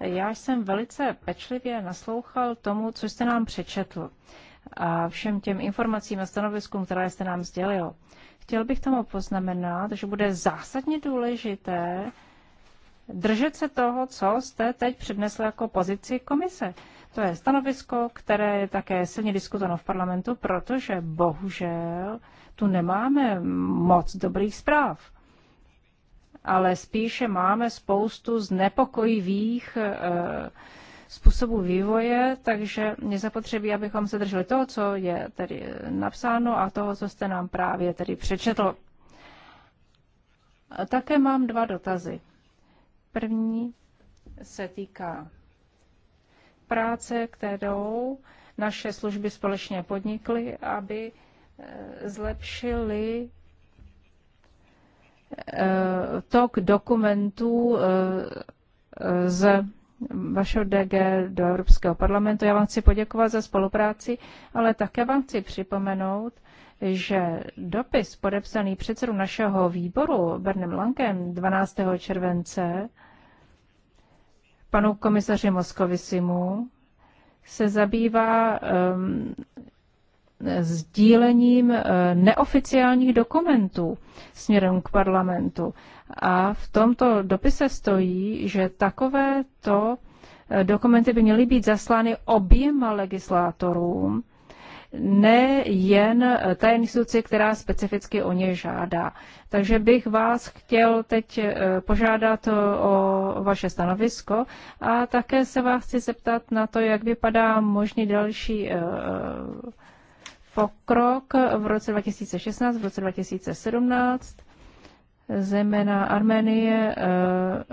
já jsem velice pečlivě naslouchal tomu, co jste nám přečetl a všem těm informacím a stanoviskům, které jste nám sdělil. Chtěl bych tomu poznamenat, že bude zásadně důležité držet se toho, co jste teď přednesl jako pozici komise. To je stanovisko, které je také silně diskutováno v parlamentu, protože bohužel tu nemáme moc dobrých zpráv ale spíše máme spoustu znepokojivých eh, způsobů vývoje, takže je zapotřebí, abychom se drželi toho, co je tedy napsáno a toho, co jste nám právě tedy přečetl. Také mám dva dotazy. První se týká práce, kterou naše služby společně podnikly, aby eh, zlepšili tok dokumentů eh, z vašeho DG do Evropského parlamentu. Já vám chci poděkovat za spolupráci, ale také vám chci připomenout, že dopis podepsaný předsedu našeho výboru Bernem Lankem 12. července panu komisaři Moskovisimu se zabývá um, sdílením eh, neoficiálních dokumentů směrem k parlamentu. A v tomto dopise stojí, že takovéto eh, dokumenty by měly být zaslány oběma legislátorům, nejen eh, té instituci, která specificky o ně žádá. Takže bych vás chtěl teď požádat o vaše stanovisko a také se vás chci zeptat na to, jak vypadá možný další pokrok v roce 2016, v roce 2017, zejména Arménie, eh,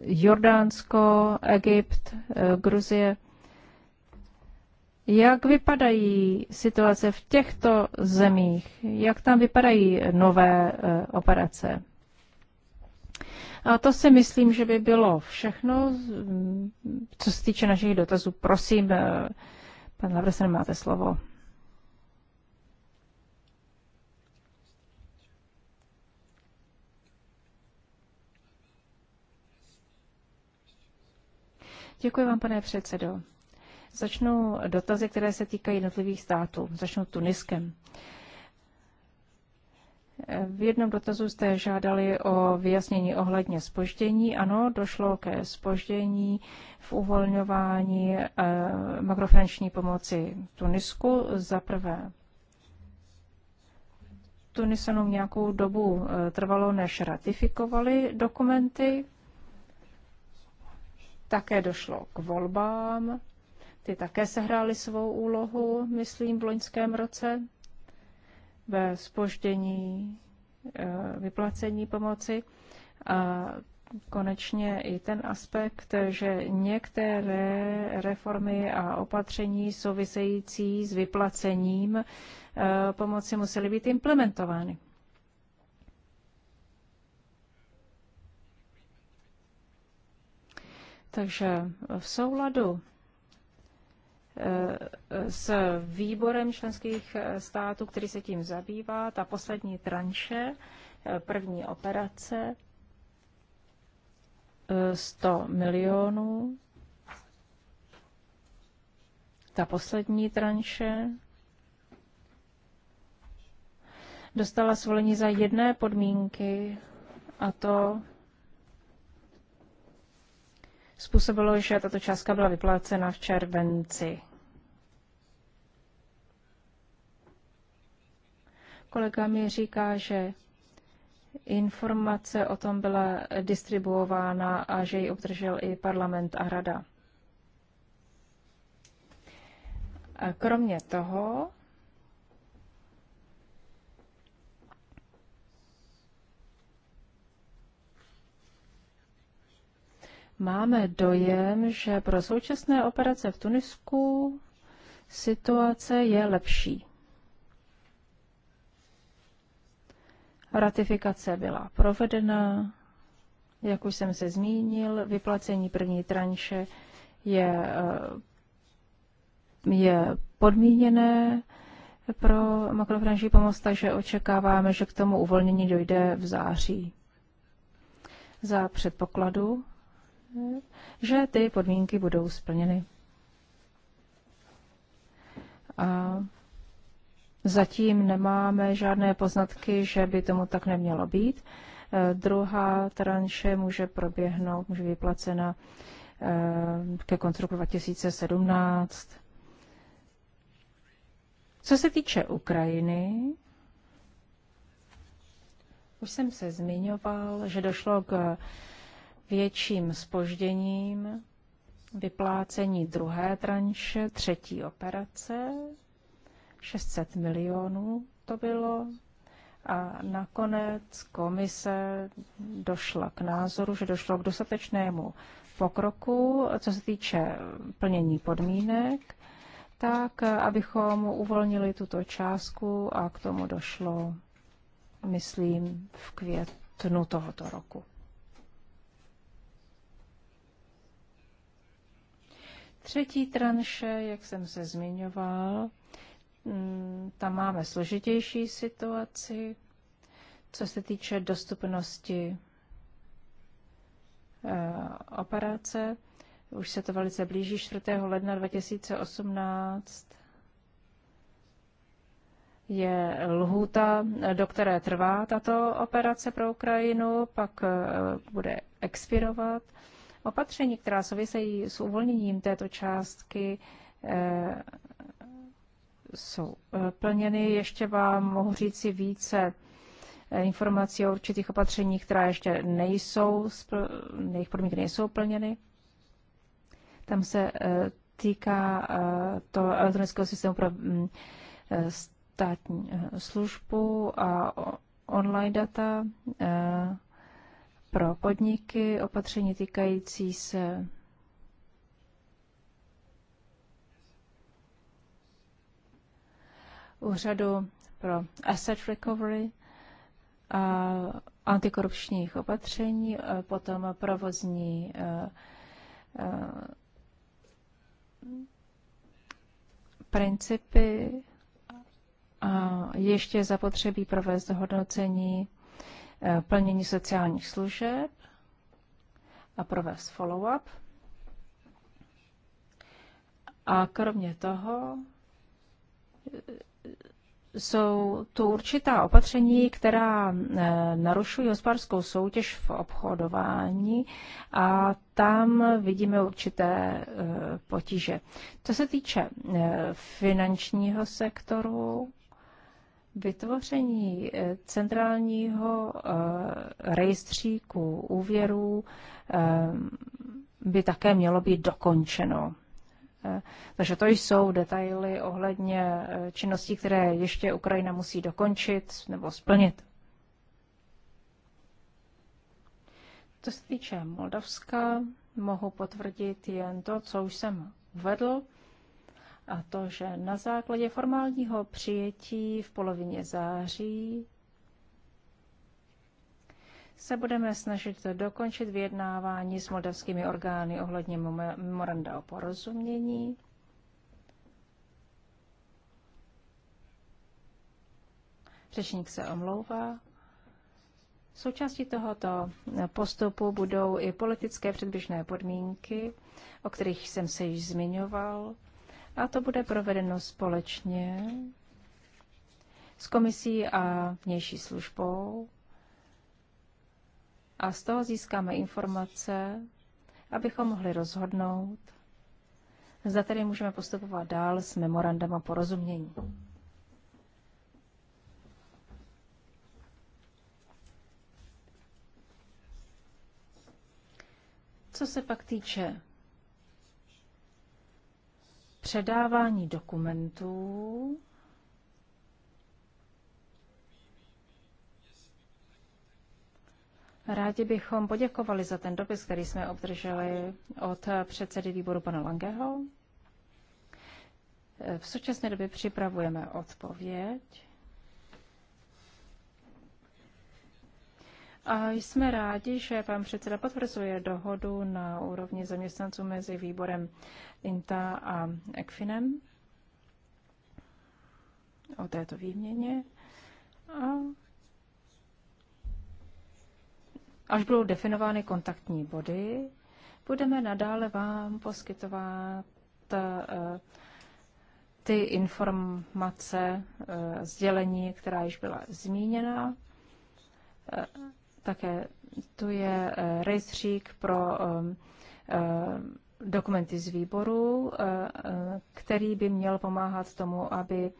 Jordánsko, Egypt, eh, Gruzie. Jak vypadají situace v těchto zemích? Jak tam vypadají nové eh, operace? A to si myslím, že by bylo všechno. Co se týče našich dotazů, prosím, Pan Lavresen, máte slovo. Děkuji vám, pane předsedo. Začnu dotazy, které se týkají jednotlivých států. Začnu Tuniskem. Uh, v jednom dotazu jste žádali o vyjasnění ohledně spoždění. Ano, došlo ke spoždění v uvolňování eh, makrofinanční pomoci Tunisku. Za prvé, Tunisanům nějakou dobu eh, trvalo, než ratifikovali dokumenty. Také došlo k volbám. Ty také sehrály svou úlohu, myslím, v loňském roce ve spoždění eh, vyplacení pomoci a konečně i ten aspekt, že některé reformy a opatření související s vyplacením eh, pomoci musely být implementovány. Takže v souladu s výborem členských států, který se tím zabývá. Ta poslední tranše, první operace, 100 milionů. Ta poslední tranše dostala svolení za jedné podmínky, a to způsobilo, že tato částka byla vyplácena v červenci. Kolega mi říká, že informace o tom byla distribuována a že ji obdržel i parlament a rada. Kromě toho máme dojem, že pro současné operace v Tunisku situace je lepší. Ratifikace byla provedena, jak už jsem se zmínil, vyplacení první tranše je, eh, je podmíněné pro makrofinanční pomoc, takže očekáváme, že k tomu uvolnění dojde v září. Za předpokladu, že ty podmínky budou splněny. A zatím nemáme žádné poznatky, že by tomu tak nemělo být. Eh, druhá tranše může proběhnout, může být vyplacena eh, ke konci roku 2017. Co se týče Ukrajiny, už jsem se zmiňoval, že došlo k větším spožděním vyplácení druhé tranše, třetí operace, 600 milionů to bylo. A nakonec komise došla k názoru, že došlo k dostatečnému pokroku, co se týče plnění podmínek, tak abychom uvolnili tuto částku a k tomu došlo, myslím, v květnu tohoto roku. Třetí tranše, jak jsem se zmiňoval, mm, tam máme složitější situaci, co se týče dostupnosti eh, operace. Už se to velice blíží 4. ledna 2018 je lhůta, do které trvá tato operace pro Ukrajinu, pak eh, bude expirovat. Opatření, která souvisejí s uvolněním této částky, eh, jsou eh, plněny. Ještě vám mohu říci více eh, informací o určitých opatřeních, která ještě nejsou, jejich podmínky nejsou plněny. Tam se týká to elektronického systému pro mm, státní službu a online data, pro podniky, opatření týkající se úřadu pro asset recovery, a antikorupčních opatření, a potom provozní eh, eh, principy a ještě zapotřebí provést hodnocení Eh, plnění sociálních služeb a provést follow-up. A kromě toho eh, jsou tu určitá opatření, která eh, narušují hospodářskou soutěž v obchodování a tam vidíme určité potíže. Co se týče finančního sektoru, Vytvoření eh, centrálního eh, rejstříku úvěrů eh, by také mělo být dokončeno. Takže to jsou detaily ohledně činností, které ještě Ukrajina musí dokončit nebo splnit. Co se týče Moldavska, mohu potvrdit jen to, co už jsem uvedl a to, že na základě formálního přijetí v polovině září se budeme snažit dokončit vyjednávání s moldavskými orgány ohledně memoranda o porozumění. Řečník se omlouvá. Součástí tohoto postupu budou i politické předběžné podmínky, o kterých jsem se již zmiňoval, a to bude provedeno společně s komisí a vnější službou. A z toho získáme informace, abychom mohli rozhodnout, zda tedy můžeme postupovat dál s memorandem o porozumění. Co se pak týče předávání dokumentů. Rádi bychom poděkovali za ten dopis, který jsme obdrželi od předsedy výboru pana Langeho. V současné době připravujeme odpověď A jsme rádi, že pan předseda potvrzuje dohodu na úrovni zaměstnanců mezi výborem INTA a ECFINem o této výměně. A až budou definovány kontaktní body, budeme nadále vám poskytovat eh, ty informace, eh, sdělení, která již byla zmíněna eh, také tu je eh, rejstřík pro ehm, eh, dokumenty z výboru, eh, který by měl pomáhat tomu, aby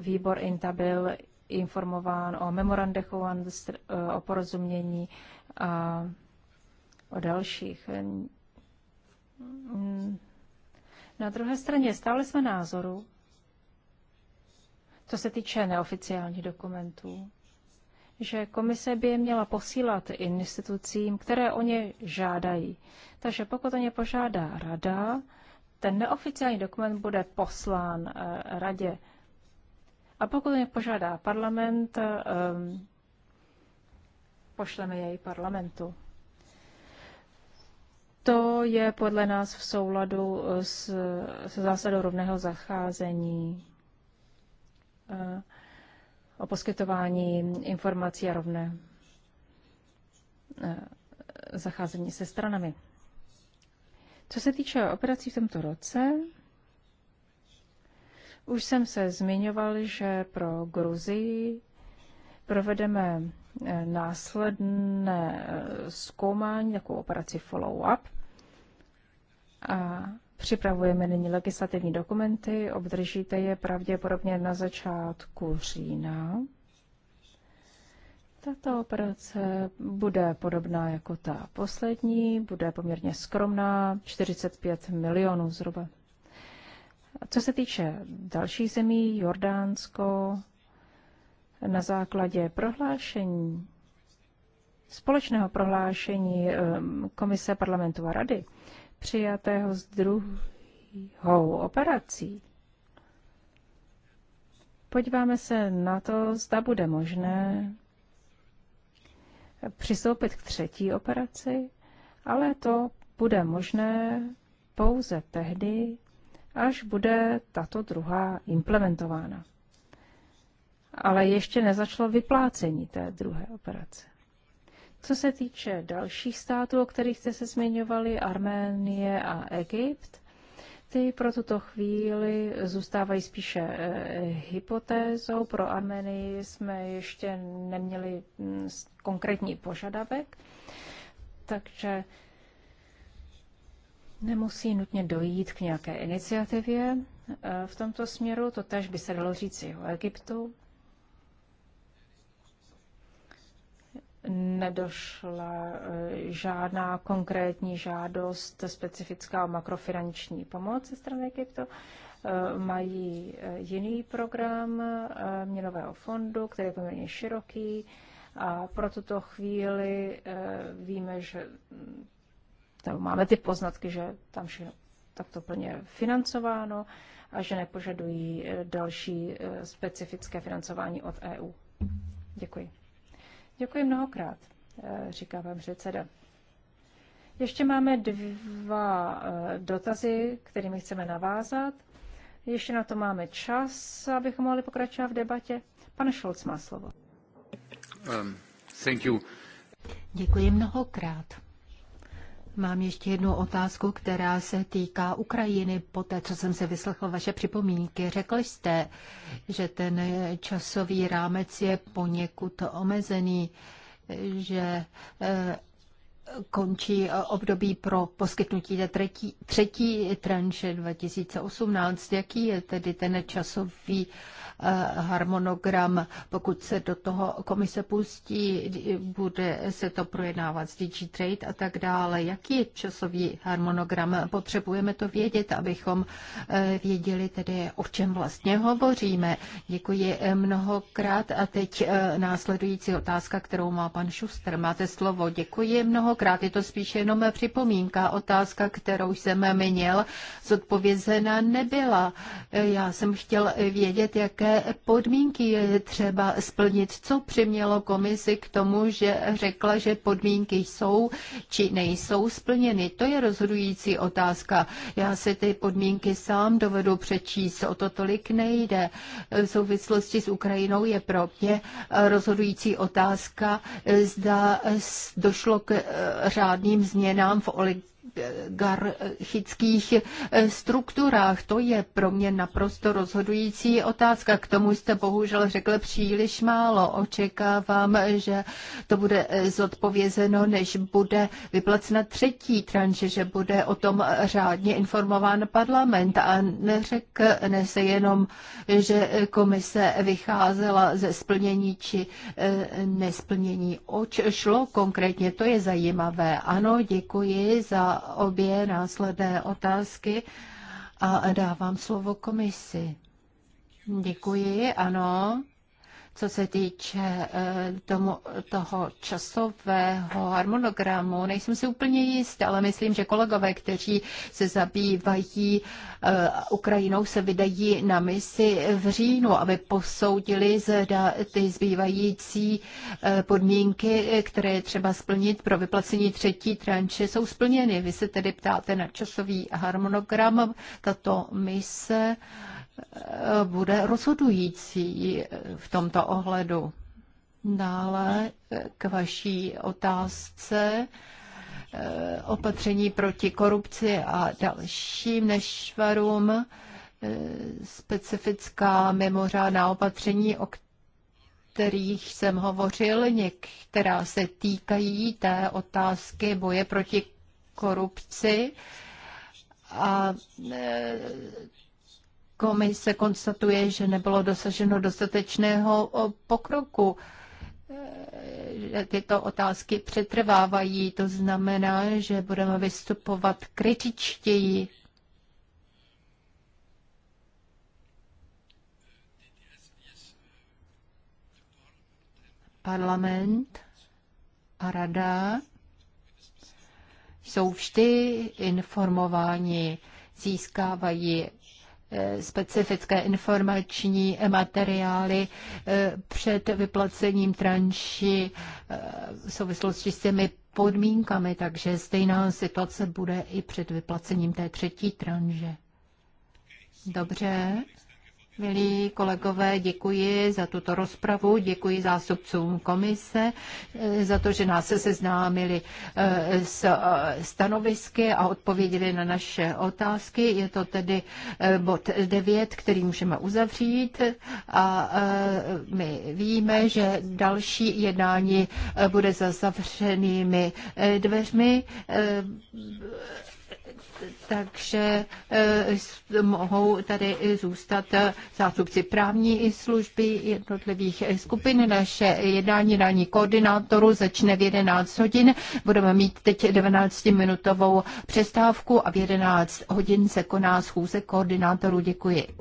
výbor INTA byl informován o memorandech o porozumění a o dalších. Hm. Na druhé straně stále jsme názoru, co se týče neoficiálních dokumentů, že komise by je měla posílat institucím, které o ně žádají. Takže pokud o ně požádá rada, ten neoficiální dokument bude poslán eh, radě. A pokud o ně požádá parlament, ehm, pošleme jej parlamentu. To je podle nás v souladu s, s zásadou rovného zacházení. Eh, o poskytování informací a rovné eh, zacházení se stranami. Co se týče operací v tomto roce, už jsem se zmiňoval, že pro Gruzii provedeme eh, následné eh, zkoumání, takovou operaci follow-up. A Připravujeme nyní legislativní dokumenty, obdržíte je pravděpodobně na začátku října. Tato operace bude podobná jako ta poslední, bude poměrně skromná, 45 milionů zhruba. Co se týče dalších zemí, Jordánsko, na základě prohlášení, společného prohlášení ehm, Komise parlamentu a rady přijatého s druhou operací, podíváme se na to, zda bude možné přistoupit k třetí operaci, ale to bude možné pouze tehdy, až bude tato druhá implementována. Ale ještě nezačalo vyplácení té druhé operace. Co se týče dalších států, o kterých jste se zmiňovali, Arménie a Egypt, ty pro tuto chvíli zůstávají spíše eh, hypotézou. Pro Armenii jsme ještě neměli hm, konkrétní požadavek, takže nemusí nutně dojít k nějaké iniciativě eh, v tomto směru. To tež by se dalo i o Egyptu. nedošla eh, žádná konkrétní žádost specifická o makrofinanční pomoc ze strany Egypto. Eh, mají eh, jiný program měnového fondu, který je poměrně široký a pro tuto chvíli víme, že tam máme ty poznatky, že tam všechno takto plně financováno a že nepožadují další specifické financování od EU. Děkuji. Děkuji mnohokrát, eh, říká vám předseda. Ještě máme dva eh, dotazy, kterými chceme navázat. Ještě na to máme čas, abychom mohli pokračovat v debatě. Pane Šolc má slovo. Um, thank you. Děkuji mnohokrát. Mám ještě jednu otázku, která se týká Ukrajiny. Po té, co jsem se vyslechl vaše připomínky, řekl jste, že ten časový rámec je poněkud omezený, že eh, končí období pro poskytnutí té třetí, třetí tranše 2018. Jaký je tedy ten časový Eh, harmonogram. Pokud se do toho komise pustí, bude se to projednávat s Trade a tak dále. Jaký je časový harmonogram? Potřebujeme to vědět, abychom eh, věděli tedy, o čem vlastně hovoříme. Děkuji eh, mnohokrát a teď následující otázka, kterou má pan Šuster. Máte slovo. Děkuji mnohokrát. Je to spíše jenom připomínka. Otázka, kterou jsem měl, zodpovězena nebyla. Já jsem chtěl vědět, jak jaké podmínky je třeba splnit, co přimělo komisi k tomu, že řekla, že podmínky jsou či nejsou splněny. To je rozhodující otázka. Já si ty podmínky sám dovedu přečíst, o to tolik nejde. V souvislosti s Ukrajinou je pro mě rozhodující otázka, zda došlo k eh, řádným změnám v oligarchii hierarchických eh, strukturách. To je pro mě naprosto rozhodující otázka. K tomu jste bohužel řekl příliš málo. Očekávám, že to bude eh, zodpovězeno, než bude vyplacena třetí tranže, že bude o tom řádně informován parlament a neřekne se jenom, že eh, komise vycházela ze splnění či nesplnění. Oč šlo konkrétně, to je zajímavé. Ano, děkuji za obě následné otázky a dávám slovo komisi. Děkuji, ano. Co se týče eh, tomu, toho časového harmonogramu, nejsem si úplně jist, ale myslím, že kolegové, kteří se zabývají eh, Ukrajinou, se vydají na misi v říjnu, aby posoudili zda ty zbývající eh, podmínky, které je třeba splnit pro vyplacení třetí tranče, jsou splněny. Vy se tedy ptáte na časový harmonogram. Tato mise bude rozhodující v tomto ohledu. Dále k vaší otázce eh, opatření proti korupci a dalším nešvarům, eh, specifická mimořádná opatření, o kterých jsem hovořil, některá se týkají té otázky boje proti korupci a eh, Komise konstatuje, že nebylo dosaženo dostatečného pokroku. E, tyto otázky přetrvávají, to znamená, že budeme vystupovat kritičtěji parlament a rada jsou vždy informováni, získávají Eh, specifické informační materiály eh, před vyplacením tranši eh, v souvislosti s těmi podmínkami, takže stejná situace bude i před vyplacením té třetí tranže. Dobře, Milí kolegové, děkuji za tuto rozpravu, děkuji zástupcům komise eh, za to, že nás se seznámili eh, s eh, stanovisky a odpověděli na naše otázky. Je to tedy bod 9, který můžeme uzavřít a my víme, že další jednání bude za zavřenými dveřmi takže eh, mohou tady zůstat eh, zástupci právní služby jednotlivých skupin. Naše jednání rání koordinátoru začne v 11 hodin. Budeme mít teď 19-minutovou přestávku a v 11 hodin se koná schůze koordinátorů. Děkuji.